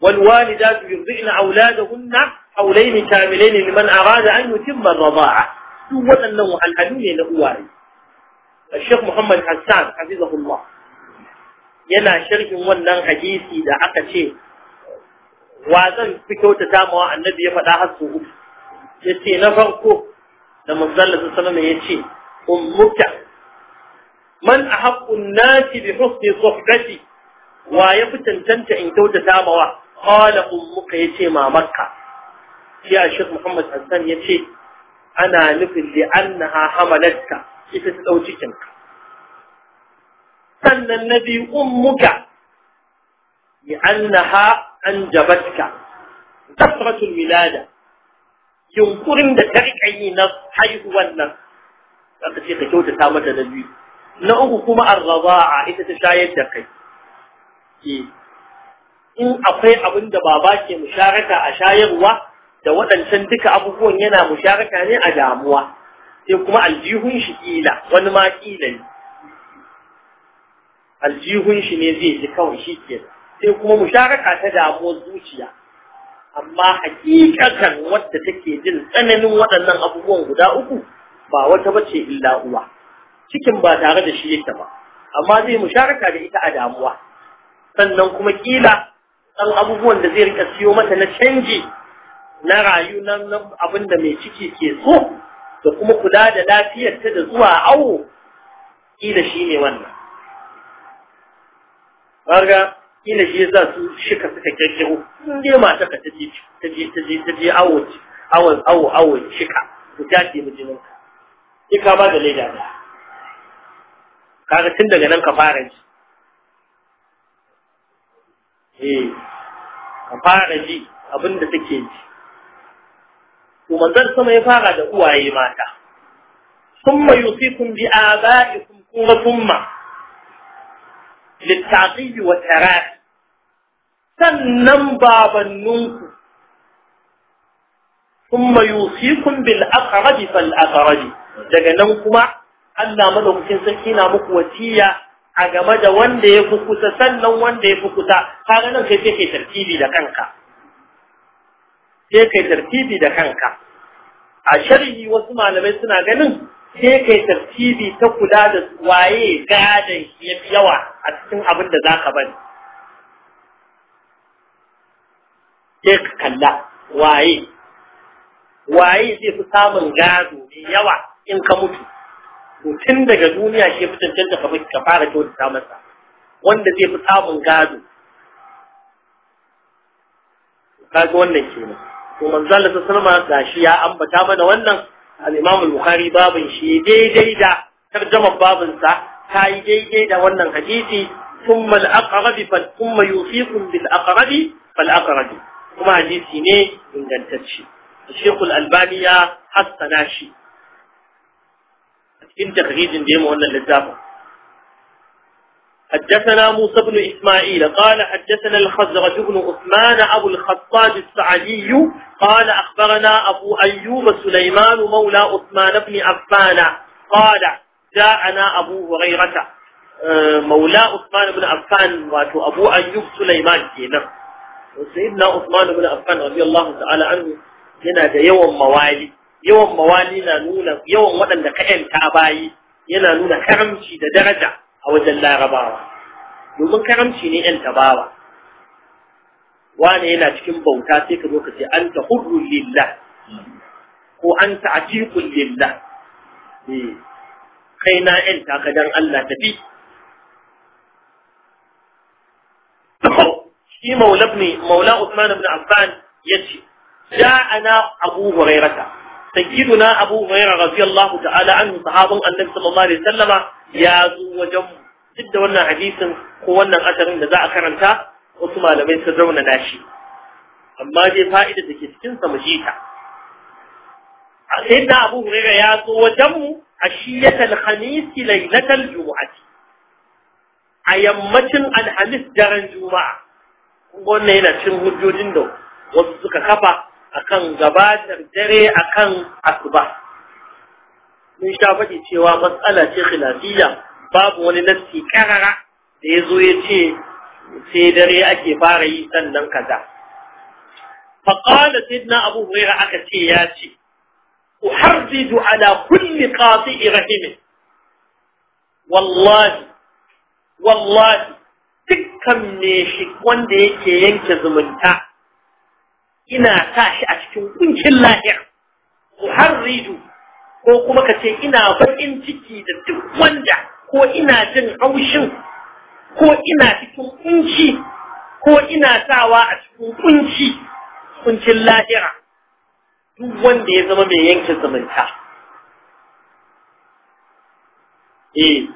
wal walidatu yurdina awladahunna أولادهن kamilayn liman arada an yutimma ar الرضاعة duk waɗannan wahalhalu ne na uwaye Sheikh Muhammad Hassan hafizahullah yana sharhin wannan hadisi da aka ce wa zan fi kyautata mawa annabi ya faɗa har su ya ce na farko da manzalla su salama ya ce ummuka man a haƙƙun nasi bi husni sohbati wa ya fi tantanta in kyautata mawa kala ummuka ya ce mamarka shi a shek muhammad hassan ya ce ana nufin li'annaha hamalatka ita ta ɗau cikinka sannan na biyu ummuka li'annaha an jabatka kasratul milada yunkurin da ta riƙa yi na haihuwan nan aka ce ka kyautata mata na biyu na uku kuma a ita ta shayar da kai eh, in akwai abin da baba ke musharaka a shayarwa da waɗancan duka abubuwan yana musharaka ne a damuwa sai kuma aljihun shi ƙila wani ma ƙila ne aljihun shi ne zai ji kawai shi ke sai kuma musharaka ta damuwar zuciya amma hakikatan wadda take jin tsananin waɗannan abubuwan guda uku ba wata bace illa uwa cikin ba tare da shi yake ba amma zai musharaka da ita a damuwa sannan kuma ƙila ɗan abubuwan da zai rika siyo mata na canji na rayu nan abin da mai ciki ke so da kuma kula da lafiyarta da zuwa awo kila shi ne wannan Warga kila shi za su shika suka kirkiro inda dai mata ka ta je ta je awo awo awo awo shika ku tace mijinin ka sai ka ba da leda ba. kaga tun daga nan ka fara ji eh ka fara ji abinda take ji to manzon sama ya fara da uwaye mata ثم يوصيكم بآبائكم ثم ثم للتعقيب والتراث sannan babanninku kuma yusikun bil aqrabi fal aqrabi daga nan kuma Allah madaukakin sarki na muku wasiya a game da wanda ya fi kusa sannan wanda ya fi kusa kaga nan ka sai kai tartibi da kanka sai kai tartibi da kanka a sharhi wasu malamai suna ganin sai kai tartibi ta kula da waye gadon ya fi yawa a cikin abin da za bani sai ka kalla waye waye zai fi samun gado mai yawa in ka mutu tun daga duniya shi fi cancanta ka fara kyautata masa wanda zai fi samun gado ka ga wannan kenan to manzo Allah sallallahu alaihi wasallam gashi ya ambata mana wannan al-Imam al-Bukhari babin shi daidai da tarjumar babin sa ta yi daidai da wannan hadisi thumma al-aqrab fa thumma yufiqum bil aqrab fal aqrab kuma hadisi ne ingantacce Sheikh al-Albani ya hassana shi cikin tahrijin da yayin wannan littafin حدثنا موسى بن إسماعيل قال حدثنا الخزرج بن عثمان أبو الخطاب السعدي قال أخبرنا أبو أيوب سليمان مولى عثمان بن عفان قال جاءنا أبو هريرة آه، مولى عثمان بن عفان واتو أبو أيوب سليمان كينا سيدنا عثمان بن عفان رضي الله تعالى عنه yana da yawan mawali yawan mawali na nuna yawan waɗanda ka ‘yanta bayi yana nuna karamci da a wajen larabawa domin karamci ne yan tabawa wane yana cikin bauta sai ka zo ka ce an ta hurru lillah ko an ta ajiqul lillah eh, kai na yan taka dan Allah tafi shi maula maula Usman ibn Affan yace ja'ana Abu Hurairah sayyiduna Abu Hurairah radiyallahu ta'ala anhu sahabun Annabi sallallahu alaihi wasallama ya zo wajen duk da wannan hadisin ko wannan asarin da za a karanta wasu malamai zauna da shi amma dai fa'ida da ke cikin sa mashi ta sai da Abu Hurairah ya zo wajen mu a shiyatal khamis lailatal jumu'ati a yammacin alhamis daren juma'a wannan yana cin hujjojin da wasu suka kafa akan gabatar dare akan asuba mun sha faɗi cewa matsala ce khilafiyya babu wani nassi karara da ya zo ya ce sai dare ake fara yi sannan kaza faqala sidna abu huraira aka ce ya ce uharriju ala kulli qati'i rahimin wallahi wallahi dukkan ne shi wanda yake yanke zumunta ina sa shi a cikin kuncin lahir uharriju ko kuma ka ce ina barin ciki da duk wanda ko ina jin haushin ko ina cikin kunci ko ina sawa a cikin kunci kuncin lahira duk wanda ya zama mai yanke zumunta eh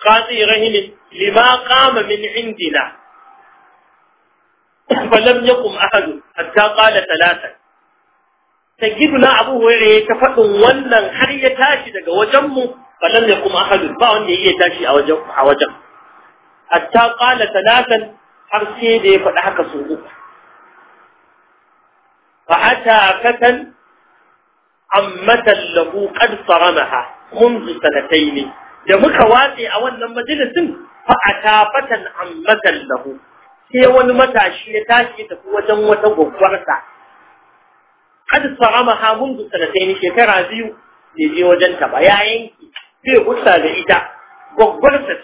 qadi rahim lima qama min indina falam yakum ahad hatta qala thalathan na abu hurairah ya ta faɗin wannan har ya tashi daga wajen mu falan ya kuma ahadun ba wanda ya iya tashi a wajen a wajen hatta har sai da ya faɗi haka su uku منذ سنتين da muka watse a wannan majalisin fa atafatan ammatan lahu sai wani matashi ya tashi ya tafi wajen wata gwaggwarsa kad saramaha mundu sanatayn shekara biyu da je wajen ta ba ya yanki zai gusa da ita gwaggwar ce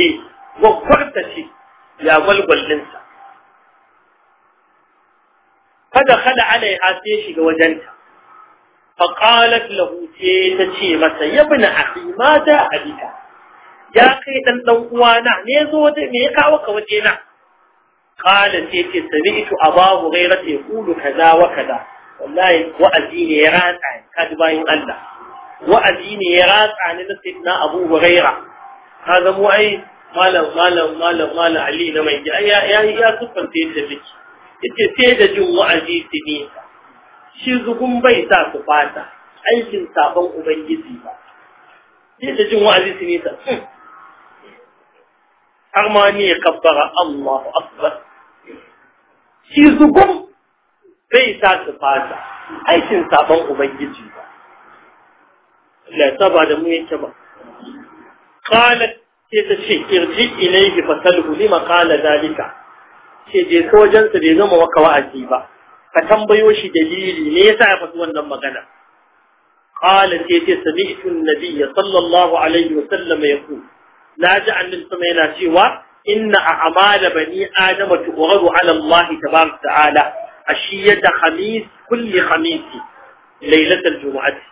eh gwaggwar ce ya gwalgwallin sa kada kada alaiha sai shiga wajen ta fa qalat lahu ta ce masa yabna akhi mata abika ya kai dan dan uwana ne zo da me ya kawo ka waje na قال سيتي سمعت أبا هريرة يقول كذا وكذا والله وأزيني يراتع كذبين الله وأزيني يراتع لنسيتنا أبو هريرة هذا مو أي malam malam malam malam ali na mai ya ya ya siffanta yadda muke yace sai da jin wa'azi su shi zugun bai sa su fata aikin sabon ubangiji ba jin wa'azi har ma ni ya kabbara Allahu Akbar shi zugun bai sa su fata aikin saban ubangiji ba la saba da mu yake ba qalat sai ta ce irji ilayhi fasalhu lima qala dalika ce je ka wajensa bai zama maka wa'azi ba ka tambayo shi dalili ya yasa ya faɗi wannan magana qala ce ta sami'tu an sallallahu alaihi wa sallam na ji annin sama yana cewa inna a'mala bani adama tu'radu ala Allah tabaraka ta'ala ashiyata khamis kulli khamisi lailatul jumu'ati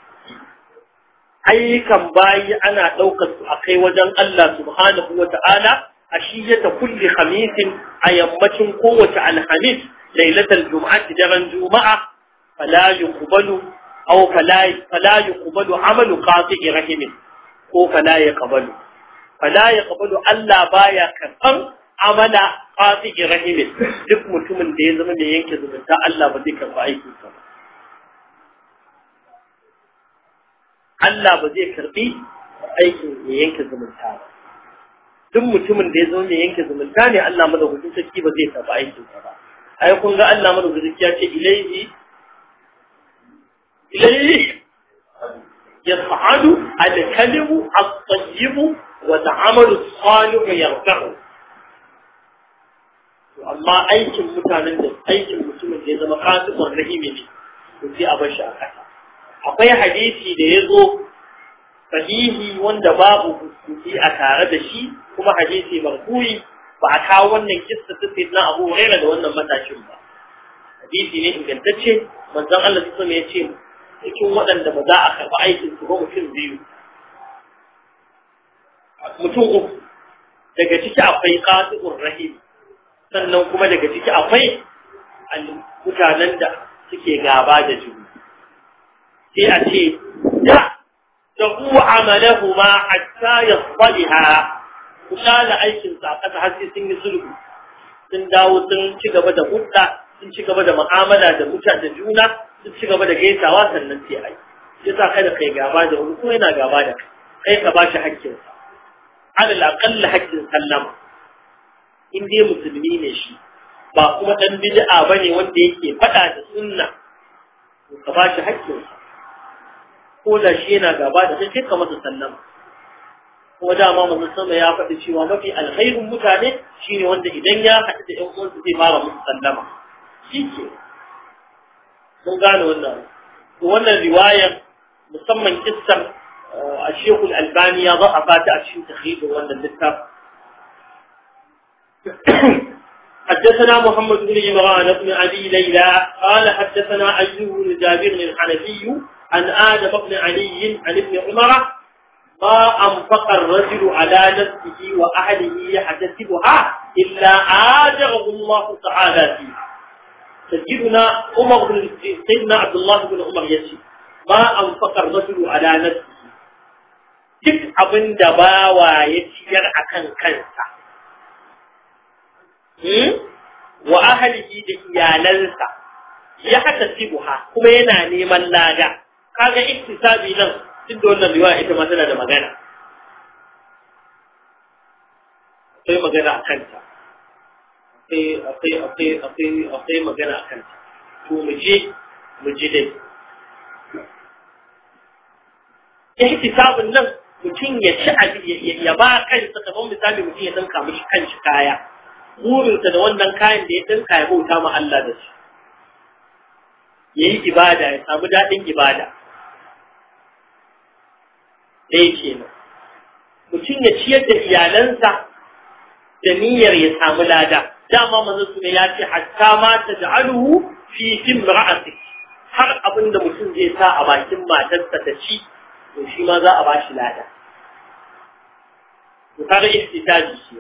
ayyukan bayi ana daukar su akai wajen Allah subhanahu wa ta'ala ashiyata kulli khamisin a yammacin kowace alhamis lailatul jumu'ati daren juma'a fala yuqbalu aw fala fala yuqbalu amalu qati'i rahimin ko fala yaqbalu fala ya kabalu Allah baya karban amala qasi rahimin duk mutumin da ya zama mai yanke zumunta Allah ba zai karba aikin sa Allah ba zai karbi aikin mai yanke zumunta ba duk mutumin da ya zama mai yanke zumunta ne Allah madaukakin sarki ba zai karba aikin sa ba ai kun ga Allah madaukakin ya ce ilaihi ilaihi yas'adu alkalimu kalimu والعمل الصالح يرفعه amma aikin mutanen da aikin mutumin da ya zama katibun rahimi ne to a bar shi akwai hadisi da ya zo sahihi wanda babu kuskure a tare da shi kuma hadisi marfu'i ba a kawo wannan kissa ta sayyidina Abu Hurairah da wannan matashin ba hadisi ne ingantacce manzon Allah sallallahu alaihi wasallam ya ce cikin waɗanda ba za a karɓi aikin su ba mutum biyu mutum uku daga ciki akwai qati'ur rahim sannan kuma daga ciki akwai mutanen da suke gaba da juna sai a ce da تقو عملهما حتى يصطلحا kula da aikin sa kasa har sai sun yi sulhu sun dawo sun ci gaba da hudda sun ci gaba da mu'amala da muta da juna sun ci gaba da gaisawa sannan sai ai sai sa da kai gaba da wani ko yana gaba da kai kai ka bashi hakkin sa alal aqall haƙƙin sallama in dai musulmi ne shi ba kuma dan bid'a bane wanda yake faɗa da sunna to ka ba shi haƙƙin ko da shi yana gaba da sai ka masa sallama ko da ma mun ya faɗi cewa mafi alkhairin mutane shine wanda idan ya haɗu da ƴan uwansa zai fara musu sallama shike mun gane wannan to riwayar musamman kissan الشيخ الألباني يضع أفاته أشيو تخيبه وأن الذكر <coughs> حدثنا محمد بن عمران بن علي ليلى قال حدثنا أيوب بن جابر الحنفي عن آدم بن علي عن ابن عمر ما أنفق الرجل على نفسه وأهله يحتسبها إلا آجره الله تعالى فيها سيدنا عمر بن سيدنا عبد الله بن عمر يسير ما أنفق الرجل على نفسه duk abin da bawa ya ciyar a kan kansa hmm? wa ahalihi da iyalansa ya haka sibuha kuma yana neman lada kaga iktisabi nan duk da wannan riwaya ita ma da magana akwai magana a kanta akwai akwai akwai akwai akwai magana a kanta to mu je mu je dai ihtisabun nan mutum ya ci a ya ba kansa kamar misali mutum ya dinka mishi kanshi kaya burinsa da wannan kayan da ya danka ya bauta ma Allah da shi ya yi ibada ya samu daɗin ibada ɗaya kenan mutum ya ciyar da iyalansa da niyyar ya samu lada dama manzon su ne ya ce hatta ma ta ja'aluhu fi imra'atik har abinda mutum zai sa a bakin matarsa da shi. to shi ma za a ba shi lada to kaga istitaji shi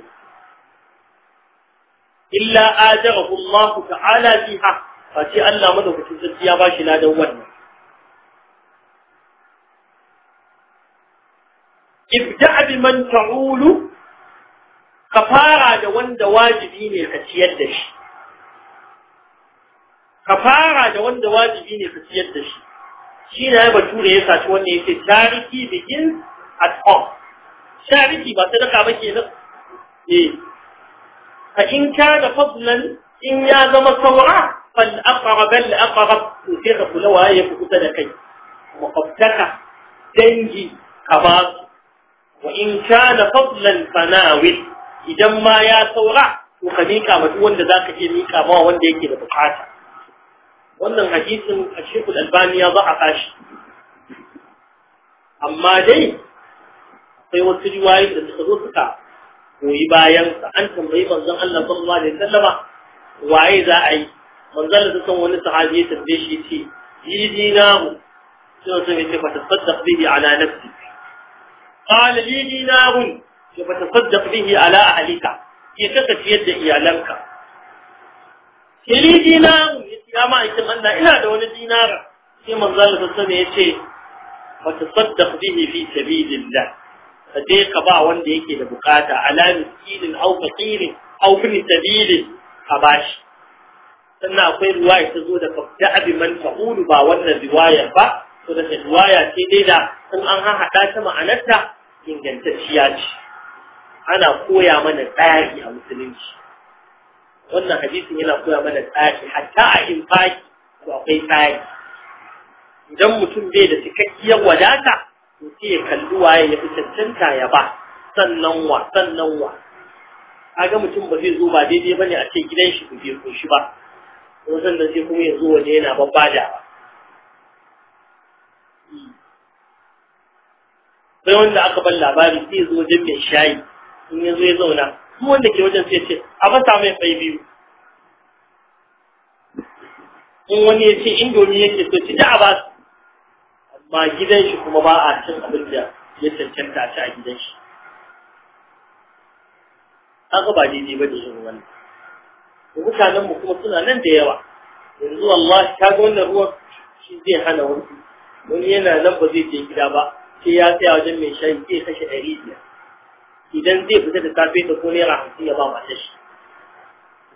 illa ajarahu Allah ta'ala fiha fa ce Allah madaukakin sarki ya ba shi ladan wannan ibda' biman ta'ulu ka fara da wanda wajibi ne ka ciyar da shi ka fara da wanda wajibi ne ka ciyar da shi shi na ya bature ya saci wanda ya ce charity begins at home charity ba sadaka ba ke nan eh A in ka kana fadlan in ya zama saura fal aqrab al aqrab to sai ka kula waye ya kusa da kai makwabtaka dangi ka ba su wa in ka kana fadlan fanawil idan ma ya saura to ka mika wa wanda zaka iya mika ma wanda yake da bukata wannan hadisin a shekul albani ya za a kashi amma dai akwai wasu riwayoyi da suka zo suka koyi bayan sa an tambayi manzon Allah sallallahu alaihi wasallama waye za a yi manzon da san wani sahabi ya tambaye shi ce yi dinaru sai sun yi fa tasaddaq bihi ala nafsi qala li dinaru fa tasaddaq bihi ala ahlika ya kaka ciyar da iyalanka li ya ma'aikin Allah ina da wani dinara sai manzo Allah sallallahu ya ce fa tasaddaq bihi fi sabilillah ka je ka ba wanda yake da bukata ala miskinin aw faqirin aw fi sabilin ka bashi sannan akwai riwaya ta zo da fafda abi man ta'ulu ba wannan riwayar ba to da riwaya ce dai da in an haɗa ta ma'anarta ingantacciya ce ana koya mana tsari a musulunci wannan hadisin yana koya mana tsari hatta a infaki ko akwai tsari idan mutum bai da cikakkiyar wadata to sai ya kalli waye ya fi cancanta ya ba sannan wa sannan wa ga mutum ba zai zo ba daidai ba ne a ce gidan shi ko shi ba ko sannan sai kuma ya zo waje yana babbada sai wanda aka ban labari sai ya zo wajen mai shayi in ya zo ya zauna duk wanda ke wajen sai ce a fasa mai fai biyu in wani ya ce indomi yake so ci da a su amma gidan shi kuma ba a cin abin da ya cancanta a a gidan shi an ga ba daidai ba da yin wani mutanen mu kuma suna nan da yawa yanzu Allah ta ga wannan ruwan shi zai hana wani wani yana nan ba zai je gida ba sai ya tsaya wajen mai shayi zai kashe ɗari biyar idan zai fita da safe da ko naira hamsin ya ba mata shi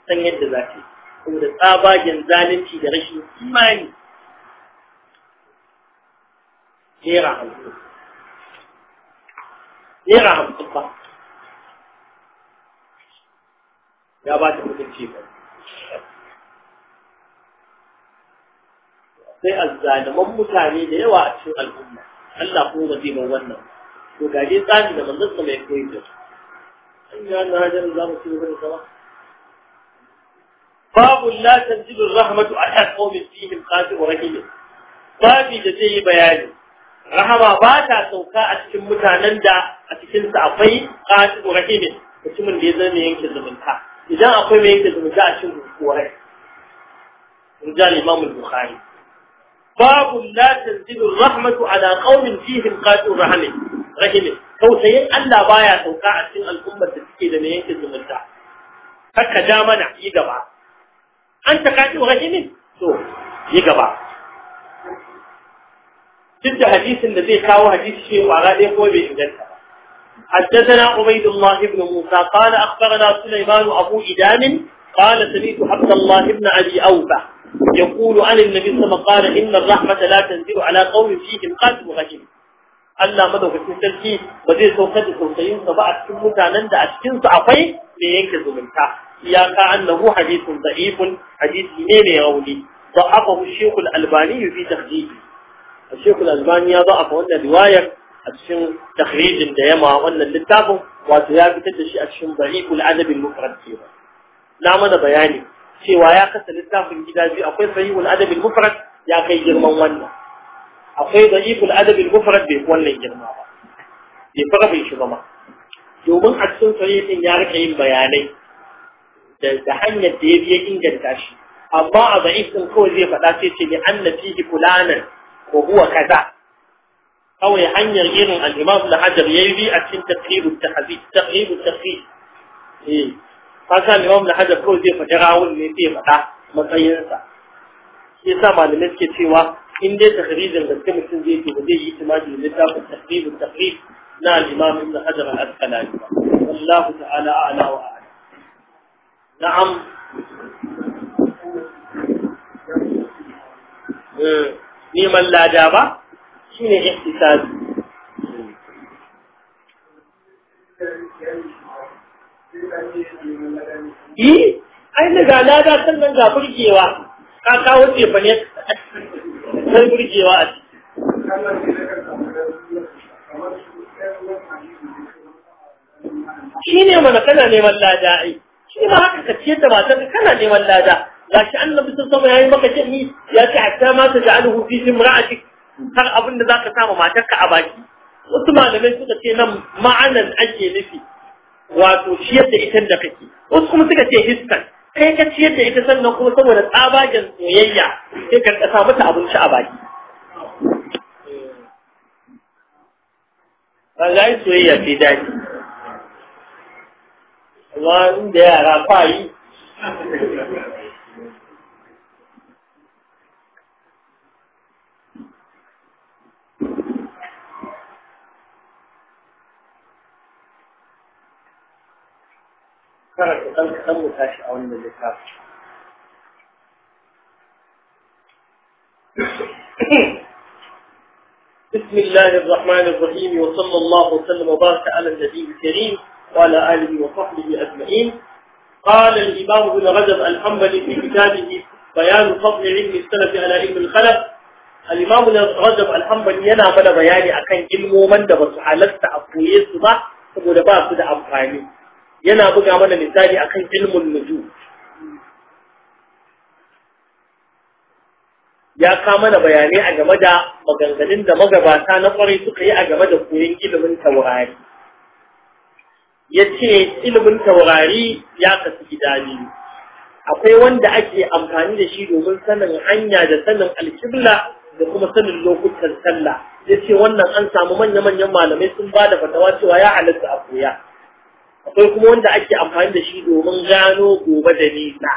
san yadda za ta yi saboda tsabagen zalunci da rashin imani naira hamsin naira hamsin ba ya ba ta ce ba sai azzaliman mutane da yawa a cikin al'umma Allah kuma zai bar wannan ba to ga tsari da manzon sa mai koyi da an ga na hajar za mu ci gaba da sama babu la tanzilu rahmatu ala qaumin fihim qati wa rahim babi da zai yi bayani rahama ba ta sauka a cikin mutanen da a cikin sa akwai qati wa rahim mutumin da ya zama yanke zumunta idan akwai mai yanke zumunta a cikin kuwa rijal imam al-bukhari باب لا تنزل الرحمة على قوم فيهم قاتل Rahim. rahimi tausayin Allah baya sauka a cikin al'ummar da suke da mai yanke zumunta kakka ja mana yi gaba an ta kaji rahimin to yi gaba duk da hadisin da zai kawo hadisi shi kwara ɗaya ko bai inganta ba حدثنا عبيد الله بن موسى قال أخبرنا سليمان أبو إدام قال سميت عبد الله بن أبي أوفى يقول عن النبي صلى الله عليه وسلم قال إن الرحمة لا تنزل على قوم فيهم قتل غجم Allah madaukakin sarki ba zai saukar da tausayin ba a cikin mutanen da a cikinsu akwai mai yanke zumunta ya ka annahu hadithun da'ifun hadithi ne ne ya wuli ba aka hu shekul albani yufi tahdidi shekul albani ya ba a wannan riwayar a cikin tahrijin da yama wannan littafin wato ya fitar da shi a cikin da'ifun adabin mufrad kenan na mana bayani cewa ya kasa littafin gida biyu akwai sahihul adabin mufrad ya kai girman wannan akwai da'iful adabin mufrad bai wannan girma ba bai fara bai shi ba ma domin a cikin sahih ya rika yin bayanai da hanyar da ya biya inganta shi amma a da'if din kawai zai faɗa sai ce ni anna fihi fulanan ko huwa kaza kawai hanyar irin al-imam al-hajar yayi bi a cikin taqribut tahzib taqribut tahzib eh fasa al-imam al-hajar kawai zai faɗa rawun ne zai faɗa matsayinsa shi yasa malamai suke cewa in dai tahrizin gaske mutum zai to zai yi timaji da littafin tahrib tahrib na al-imam ibn hajar al-asqalani wallahu ta'ala a'la wa a'la na'am eh, man lada ba shine ihtisab Yi, eh, ai daga lada sannan ga burgewa, ka kawo ce fa ne akwai burgewa a ciki shi ne mana kana neman lada ai shi ma haka ka ciyar da matar kana neman lada gashi annabi sun sama yi maka jami ya ce hatta ma ta ja'aluhu fi imra'atik har abin da zaka sama matarka a baki wasu malamai suka ce nan ma'anan ake nufi wato shi yadda ita da kake wasu kuma suka ce hissan kai ka ciyar da ita sannan kuma saboda tsabagen soyayya sai ka kasa mata abinci a baki ba za yi soyayya sai daɗi amma inda yara kwayi بسم الله الرحمن الرحيم وصلى الله وسلم وبارك على النبي الكريم وعلى آله وصحبه أجمعين قال الإمام ابن رجب الحنبلي في كتابه بيان فضل علم السلف على علم الخلف الإمام ابن رجب الحنبلي ينا بلا بيان أكن ilmoman من basu حالته a koye su ba yana buga mana misali akan ilmun nuju ya ka mana bayanai a game da maganganun da magabata na kwarai suka yi a game da koyon ilimin taurari ya ce ilimin taurari ya kasu gida biyu akwai wanda ake amfani da shi domin sanin hanya da sanin alkibla da kuma sanin lokutan sallah ya ce wannan an samu manya-manyan malamai sun ba da fatawa cewa ya halatta a koya akwai kuma wanda ake amfani da shi domin gano gobe da nisa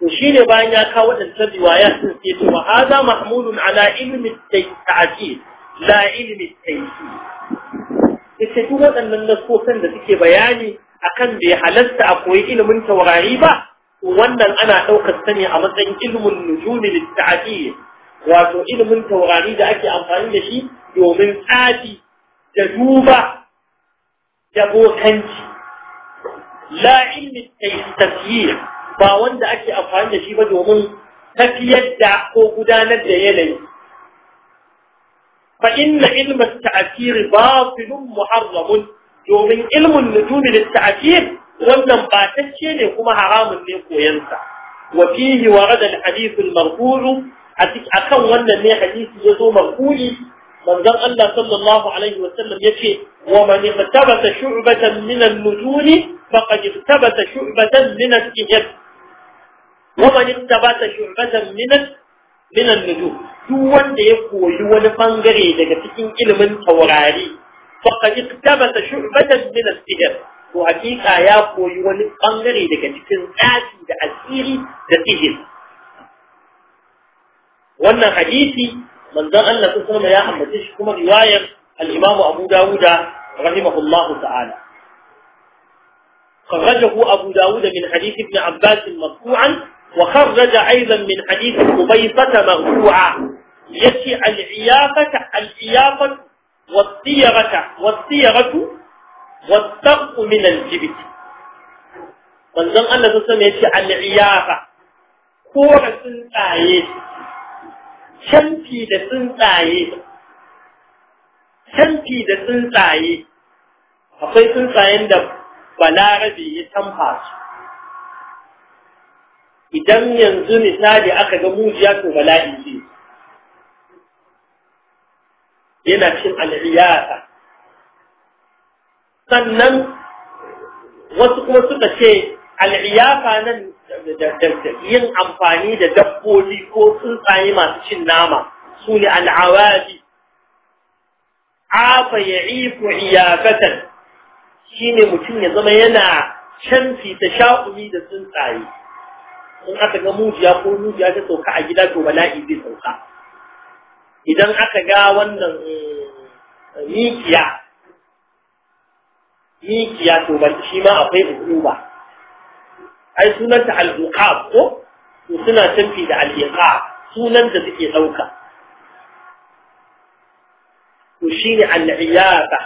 to shi ne bayan ya kawo waɗancan riwaya sun ce to wa hada mahmudun ala ilmi ta'jil la ilmi duk waɗannan nasosan da suke bayani akan bai halarta a koyi ilimin taurari ba wannan ana ɗaukar sani a matsayin ilimin nujumi litta'adi wato ilimin taurari da ake amfani da shi domin tsafi da duba Dabokanci bokanci la ba wanda ake amfani da shi ba domin tafiyar da ko gudanar da yanayi fa inna ilma ta'thir batilun muharramun domin ilmun nujumi da ta'thir wannan batacce ne kuma haramun ne koyansa wa fihi warada al-hadith al-marfu' akan wannan ne hadisi zo marfu'i منظر أن صلى الله عليه وسلم يكي ومن اقتبس شعبة من النجوم فقد اقتبس شعبة من السجد ومن اقتبس شعبة من من النزول دون يقول دون فانجري لكتين علم التوراري فقد اغتبت شعبة من السجد وحقيقة يقول دون فانجري لكتين ذاتي لأسيري لكتين وانا حديثي من Allah sun kuma ya ambace shi kuma رواية الإمام أبو Abu رحمه الله تعالى خرجه أبو داود من حديث ابن عباس مرفوعا وخرج أيضا من حديث قبيصة مرفوعا يأتي العياقة العياقة والصيغة والصيغة والسقط من الجبت من زمان أن تسمى يأتي العياقة كورة سنتا canfi da tsuntsaye da tsuntsaye akwai tsuntsayen da balarabe ya tamfa su idan yanzu misali aka ga mujiya to bala'i ce yana cin al'iyata sannan wasu kuma suka ce al'iyafa nan yin amfani da dabbobi ko tsuntsaye masu cin nama su ne al'awadi afa ya iko iyakatar shi ne mutum ya zama yana canfi ta sha'umi da tsuntsaye in aka ga mujiya ko mujiya ta sauka a gida to bala'i zai sauka idan aka ga wannan mikiya mikiya to shi ma akwai ukuba ai sunanta al-iqab ko to suna tafi da al-iqab sunan da suke dauka to shine al-iyaba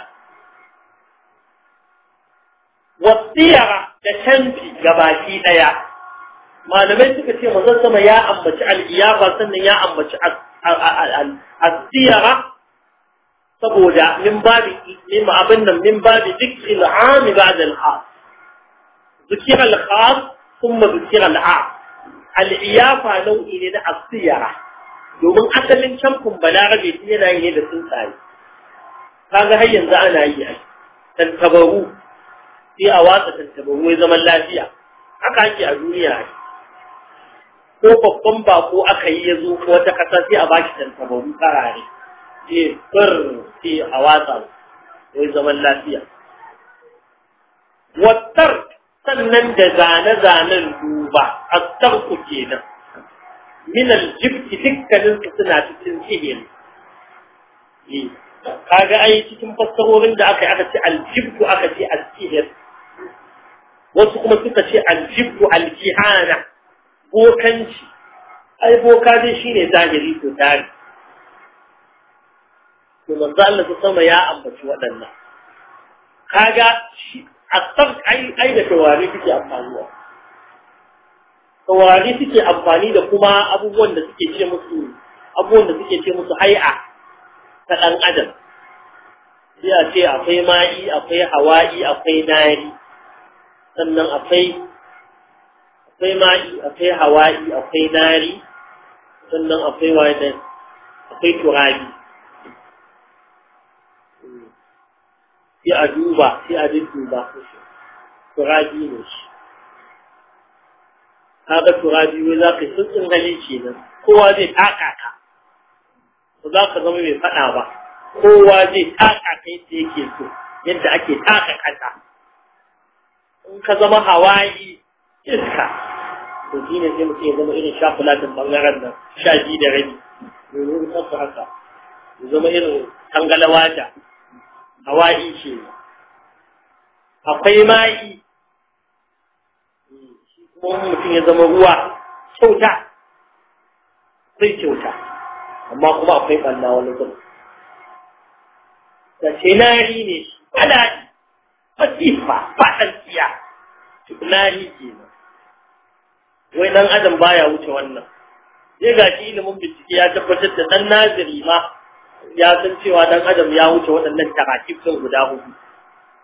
wa tiyara da tanfi gabaki daya malamai suka ce manzon sama ya ambaci al-iyaba sannan ya ambaci al-tiyara saboda min babi min abin nan min babi al ami ba'da al-khas ذكر الخاص ثم ذكر العار al'iyafa nau'i ne na asiyara domin asalin camfin balarabe shi yana yi ne da Ka kaga har yanzu ana yi a tantabaru sai a watsa tantabaru ya zaman lafiya haka ake a duniya ko babban bako aka yi ya zo ko wata kasa sai a baki tantabaru karare sai fir sai a watsa ya zaman lafiya wattar sannan da zane-zanen duba a tarku kenan min aljibti dukkanin su suna cikin sihiri eh, kaga ai cikin fassarorin da aka yi aka ce aljibtu aka ce alsihir wasu kuma suka ce aljibtu alkihana bokanci ai boka dai shine zahiri to tare to manzo Allah sama ya ambaci waɗannan kaga asar ai ai da tawari suke amfani da tawari suke amfani da kuma abubuwan da suke ce musu abubuwan da suke ce musu hai'a ta dan adam sai a ce akwai ma'i akwai hawa'i akwai nari sannan akwai akwai ma'i akwai hawa'i akwai nari sannan akwai wadan akwai turari. sai a duba sai a dudduba su shi turabi ne shi kaga turabi wai za ka yi tsuntsun hali nan, kowa zai taka ka ba za ka zama mai faɗa ba kowa zai taka ka yadda yake so yadda ake taka kasa in ka zama hawaii iska to shi ne sai mutum ya zama irin sha fulatin bangaren nan sha biyu da rabi domin kansu haka ya zama irin tangalawa da hawa'i ce akwai ma'i hmm, kuma mutum ya zama ruwa kyauta akwai kyauta amma kuma akwai ɓanna wani zama. da sinari ne shi ana fasifa faɗan tsiya tunani ke nan wai ɗan adam baya wuce wannan zai ga shi ilimin bincike ya tabbatar da ɗan naziri ma ya san cewa dan adam ya wuce waɗannan tarakif sun guda hudu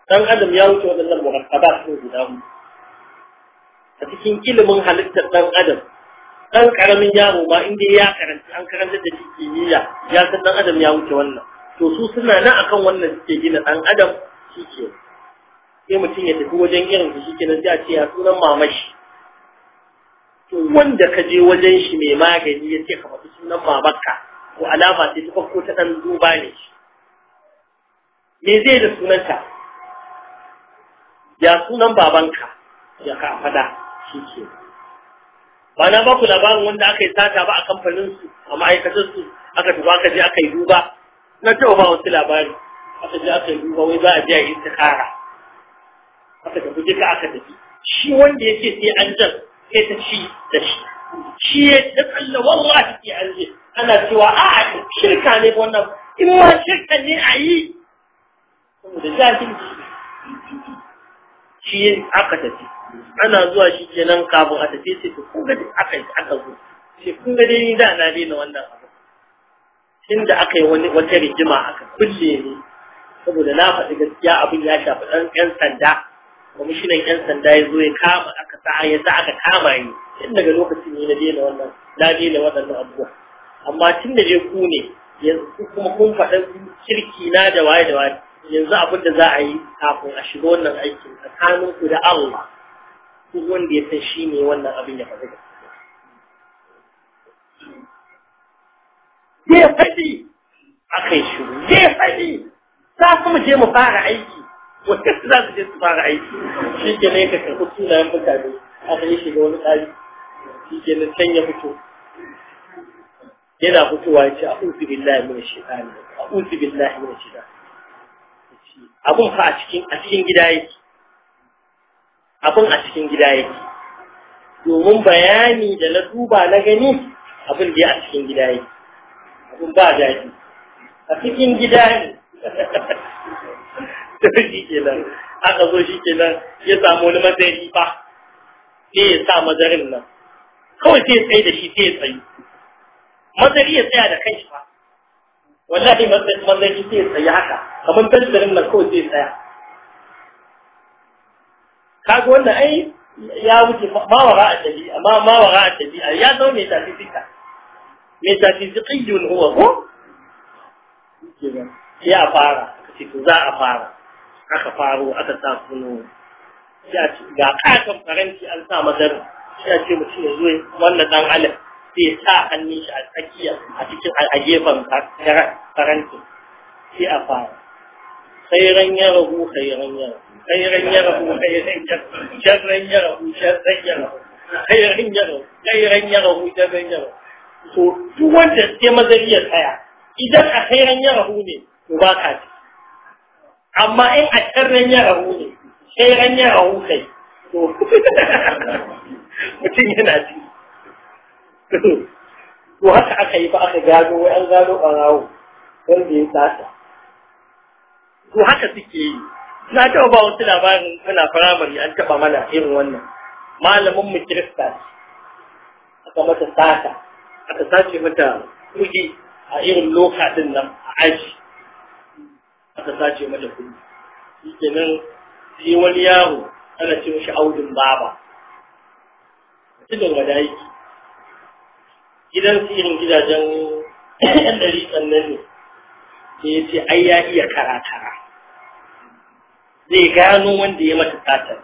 dan adam ya wuce waɗannan murakkabat sun guda hudu a cikin ilimin halittar dan adam dan karamin yaro ma inda ya karanta an karanta da kimiyya ya san dan adam ya wuce wannan to su suna nan akan wannan suke gina dan adam shike sai mutum ya tafi wajen irin shi kenan sai a ce ya sunan mamashi to wanda ka je wajen shi mai magani ya ce ka faɗi sunan babarka ko alama ce ta farko ta ɗan duba ne me zai da sunanka ya sunan babanka ya ka fada shi ke ba na baku labarin wanda aka yi sata ba a kamfanin su a ma'aikatar su aka duba aka je aka yi duba na ce ba wasu labari aka je aka yi duba wai za a biya ta kara. aka tafi duka aka tafi shi wanda yake sai an jan sai ta ci da shi shi ya ta tsalla wallahi sai an jan. ana cewa a shirka ne wannan in ma shirka ne a yi saboda jahilci shi aka tafi ana zuwa shi kenan kafin a tafi sai kun ga aka yi aka zo sai kun ga dai da na daina wannan abu da aka yi wani wata rigima aka kulle ne saboda na faɗi gaskiya abin ya shafi ɗan ƴan sanda kwamishinan ƴan sanda ya zo ya kama aka sa ya sa aka kama ni tun daga lokacin ne na daina wannan na daina waɗannan abubuwa amma tun da je ku ne yanzu kuma kun faɗa kirki na da waye da waye yanzu abin da za a yi kafin a shiga wannan aikin tsakanin ku da Allah ku wanda ya san shi ne wannan abin ya faɗa zai faɗi a kai shiru zai faɗi za kuma je mu fara aiki wata za su je su fara aiki shi ke ne ka karɓi sunayen mutane aka yi shiga wani tsari shi ke nan can ya fito yana fitowa ya ce a'udhu billahi minash shaitani a'udhu billahi minash shaitani abun fa a cikin a cikin gida yake abun a cikin gida yake domin bayani da na duba na gani abun da a cikin gida yake abun ba daɗi a cikin gida ne sai <laughs> shi nan, aka zo shi ke nan, ya samu wani matsayi ba sai ya sa mazarin nan kawai sai ya tsaye da shi sai ya tsaye mazari ya tsaya da kai fa wallahi mazari sai ya tsaya haka kamar tattalin nan kawai sai ya tsaya kaga wannan ai ya wuce ma wara a tabi'a ma ma wara a tabi'a ya zo mai tafifika mai tafifiki huwa ko ya fara ce to za a fara aka faro aka sa suno ya ce ga katon faranti an sa madarin ya ce mutum ya zo wannan dan alif sai sa hannun shi a tsakiya a cikin al'ajefan gefen sai a fara khairan ya rahu khairan ya rahu khairan ya rahu khairan ya rahu sharran ya rahu sharran ya rahu khairan ya rahu khairan ya rahu ya rahu to duk wanda sai mazari ya tsaya idan a khairan ya rahu ne to ba ka ci amma in a sharran ya rahu ne khairan ya rahu kai to <laughs> mutum yana ci <coughs> to haka aka yi fa aka gano wai an gano ɓarawo wanda ya sata to haka suke yi na taɓa ba wasu labarin muna firamare an taɓa mana irin wannan malamin mu kirista aka mata sata aka sace mata kuɗi a irin loka nan a aji aka sace mata kuɗi shi kenan sai wani yaro ana ce shi audin baba Tunan wadayi, gidan sirin gidajen ɗari sannan ne da ya ce ai ya iya karatara zai gano wanda ya mata satar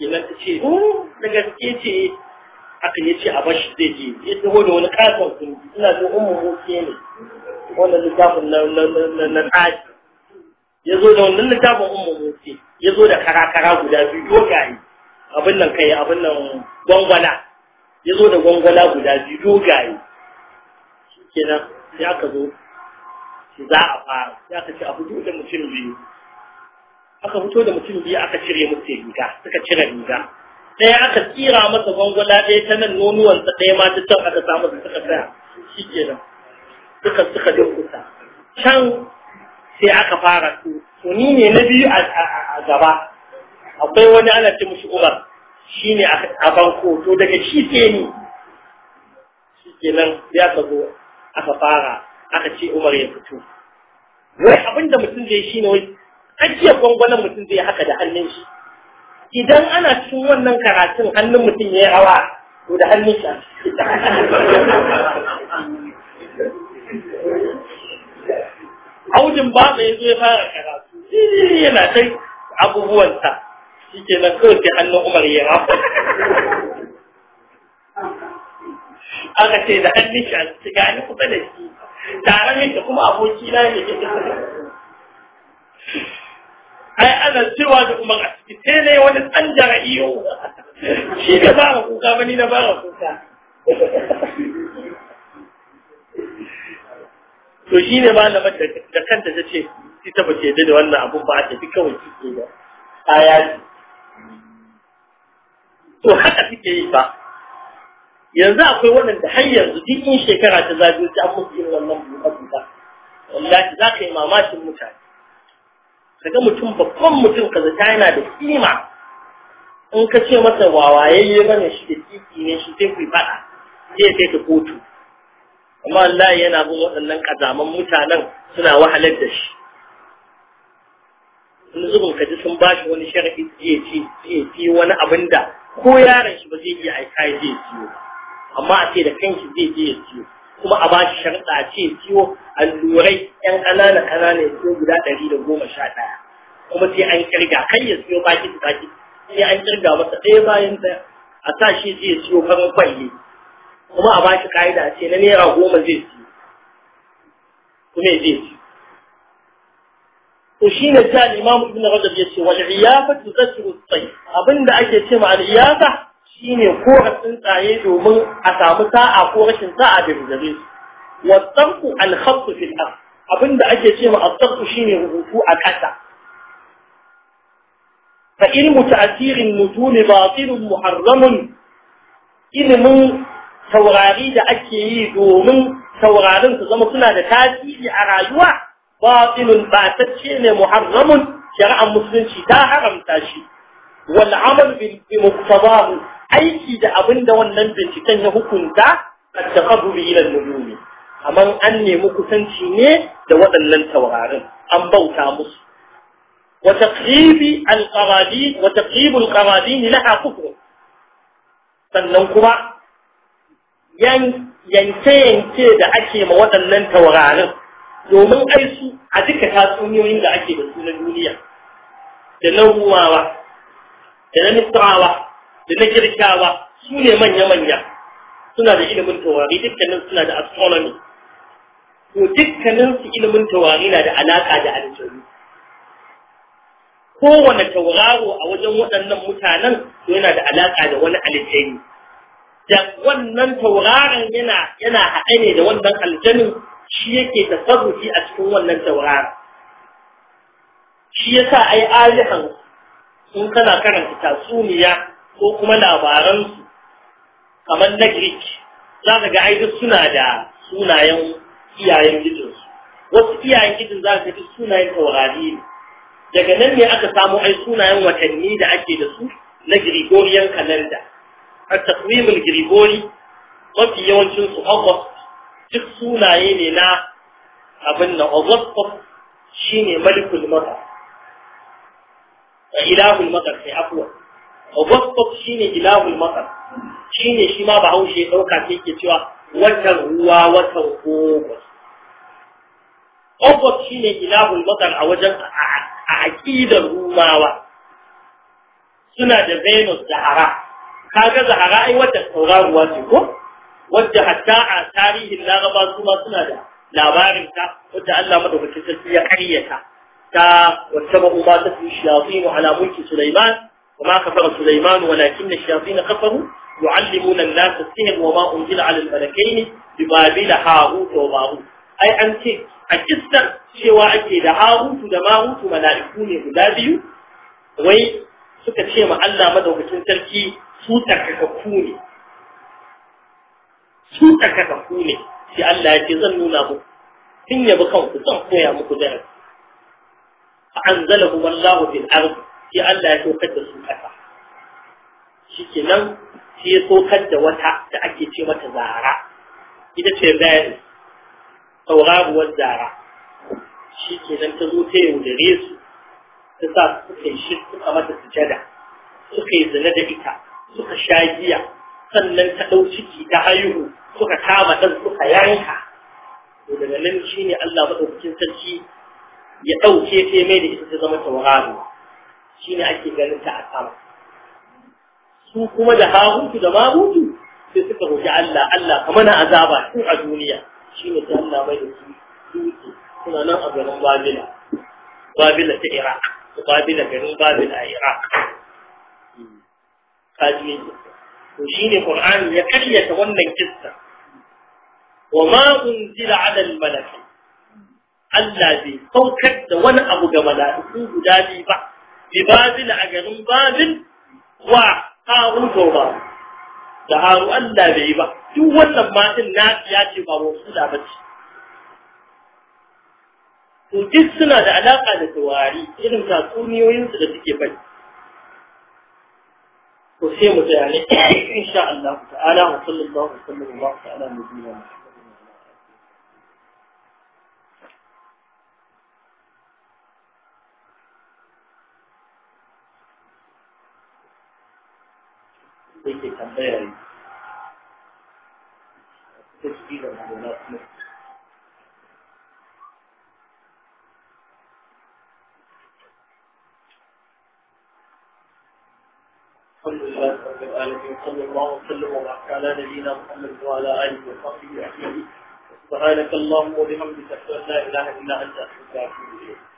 kenan ta ce oh, da gaske ce aka yi ce a bashi zai je ya taho da wani katon sun ina da umar muke ne wannan littafin na tsari ya zo da wannan littafin umar muke ya zo da karakara guda biyu dogaye abin nan kai abin nan gwangwana ya zo da gwangwala guda biyu dogaye shi kenan sai aka zo shi za a fara sai aka ce a fito da mutum biyu aka fito da mutum biyu aka cire musu riga suka cire riga ɗaya aka tsira masa gwangwala ɗaya ta nan nonuwansa ɗaya ma ta can aka samu da suka tsaya shi kenan suka suka kusa. can sai aka fara su to ni ne na biyu a gaba akwai wani ana ce mushi umar. shi ne a banko to daga shi ke ni shi ke nan ya ka zo aka fara aka ce umar ya fito wai abin da mutum zai shi ne wai ajiye gwangwanin mutum zai haka da hannun shi idan ana cikin wannan karatun hannun mutum ya yi rawa to da hannun shi a aujin ba mai zo ya fara karatu yana kai abubuwansa shi nan kawai sai hannun umar ya ma aka ce da hannun shi a ci gani kusa da shi tare min da kuma aboki na ne ke ai ana cewa da umar a ciki sai ne wani tsan jara'iyo shi da ba a kuka ba ni na ba a kuka to shi ne malamar da kanta ta ce ita ba ce da wannan abun ba a tafi kawai ciki ba a yaji to haka suke yi fa yanzu akwai waɗanda har yanzu duk in shekara ta zagayo ta musu irin wannan bukatu buɗe wallahi za ka yi mamakin mutane Ka ga mutum babban mutum ka zata yana da kima in ka ce masa ya gane shi da titi ne shi sai ku yi faɗa sai kai ta kotu amma wallahi yana bin waɗannan ƙazaman mutanen suna wahalar da shi wani zubin ka ji sun bashi wani sharafi ya ce wani abin da ko yaron shi ba zai iya aika ya je ciwo amma a ce da kanki zai je ya siyo kuma a bashi sharɗa a ce siyo allurai yan ƙanana ƙanana ya siyo guda ɗari da goma sha ɗaya kuma sai an kirga kan ya siyo baki da baki sai an kirga masa ɗaya bayan ɗaya a sa shi zai siyo kan kwalle kuma a bashi ka'ida a ce na naira goma zai siyo kuma zai siyo to shi ne ta imam ibn rajab yace wal iyafa tuzakkiru tsayy abinda ake ce ma al iyafa shine kora tsuntsaye domin a samu sa'a ko rashin sa'a da gare su wa tsarku al khatt ard abinda ake ce ma shine rubutu a kasa fa ilmu ta'thir an nujum batil muharramun ilmin taurari da ake yi domin taurarin su zama suna da tasiri a rayuwa batilun batacce ne muharramun shari'ar musulunci ta haramta shi wal amal bi muqtadahu aiki da abinda wannan binciken ya hukunta at-taqarrub ila an-nujum Amman an nemi kusanci ne da waɗannan taurarin an bauta musu wa taqribi al-qaradin wa taqribu al-qaradin laha kufr sannan kuma yanke yanke da ake ma waɗannan taurarin domin ai su a duka tatsuniyoyin da ake da su na duniya da na ruwawa da na nufawa, da na girkawa su ne manya-manya suna da ilimin taurari dukkanin suna da astronomy to dukkanin su ilimin taurari na da alaƙa da aljanu kowane tauraro a wajen waɗannan mutanen to yana da alaƙa da wani aljani da wannan tauraron yana yana haɗe ne da wannan aljanin shi yake tasarrufi a cikin wannan taurari shi yasa ai alihan in kana karanta tatsuniya ko kuma labaransu kamar na Greek za ka ga ai duk suna da sunayen iyayen gijinsu wasu iyayen gidan za ka ji sunayen taurari ne daga nan ne aka samu ai sunayen watanni da ake da su na Gregorian calendar a takwimul Gregori mafi yawancin su duk sunaye ne na abin na ozotkop shi ne malikul mata da ilahul matar sai afuwa ozotkop shi ne ilahul matar shi ne shi ma bahaushe ya ɗauka sai ke cewa watan ruwa watan ogos ogos shi ne ilahul matar a wajen a aƙidar rumawa suna da venus da hara kaga zahara ai wata ruwa ce ko wadda hatta a tarihin laraba su ma suna da labarin ta wadda Allah madaukakin sarki ya karyata ta wata ba uba ta fi shayatin ala mulki Sulaiman وما كفر سليمان wa ma كفروا يعلمون الناس السحر وما أنزل على الملكين ببابل ai an أي أنت أكثر cewa ake da harutu da marutu mala'iku ne guda biyu wai suka ce ma Allah madaukakin sarki su takakku ne su takakafu ne shi Allah ya ce zan nuna muku sun yabi kanku zan koya muku darasi fa anzalahu wallahu fil ardi sai Allah ya saukar da su kasa shikenan sai ya saukar da wata da ake ce mata zara ita ce bayani tauraruwar zara shikenan ta zo ta yaudare su ta sa suka yi shi suka mata sujada suka yi zina da ita suka sha giya sannan ta ɗau ciki ta haihu suka kama ɗan suka yanka to daga nan shi ne Allah maɗaukakin sarki ya ɗauke ta mai da ita ta zama tauraro shi ne ake ganin ta a sama su kuma da hahutu da mahutu sai suka roƙi Allah Allah ka mana azaba tun a duniya shi ne sai Allah mai da su dutse suna nan a garin Babila Babila ta Iraq Babila garin Babila a Iraq kaji to shine qur'ani ya karyata wannan kissa wa ma unzila ala al malaki Allah bai saukar da wani abu ga mala'iku guda biyu ba bi babil a garin babil wa harun ba da haru Allah bai ba duk wannan matan na ya ce ba su da bace to duk suna da alaka da tawari irin tatsuniyoyinsu da suke bai وفي يعني <coughs> إن شاء الله تعالى وصلى الله وسلم الله تعالى نبينا Thank you. الحمد لله رب العالمين صلى الله وسلم وبارك على نبينا محمد وعلى اله وصحبه اجمعين سبحانك اللهم وبحمدك اشهد ان لا اله الا انت استغفرك واتوب اليك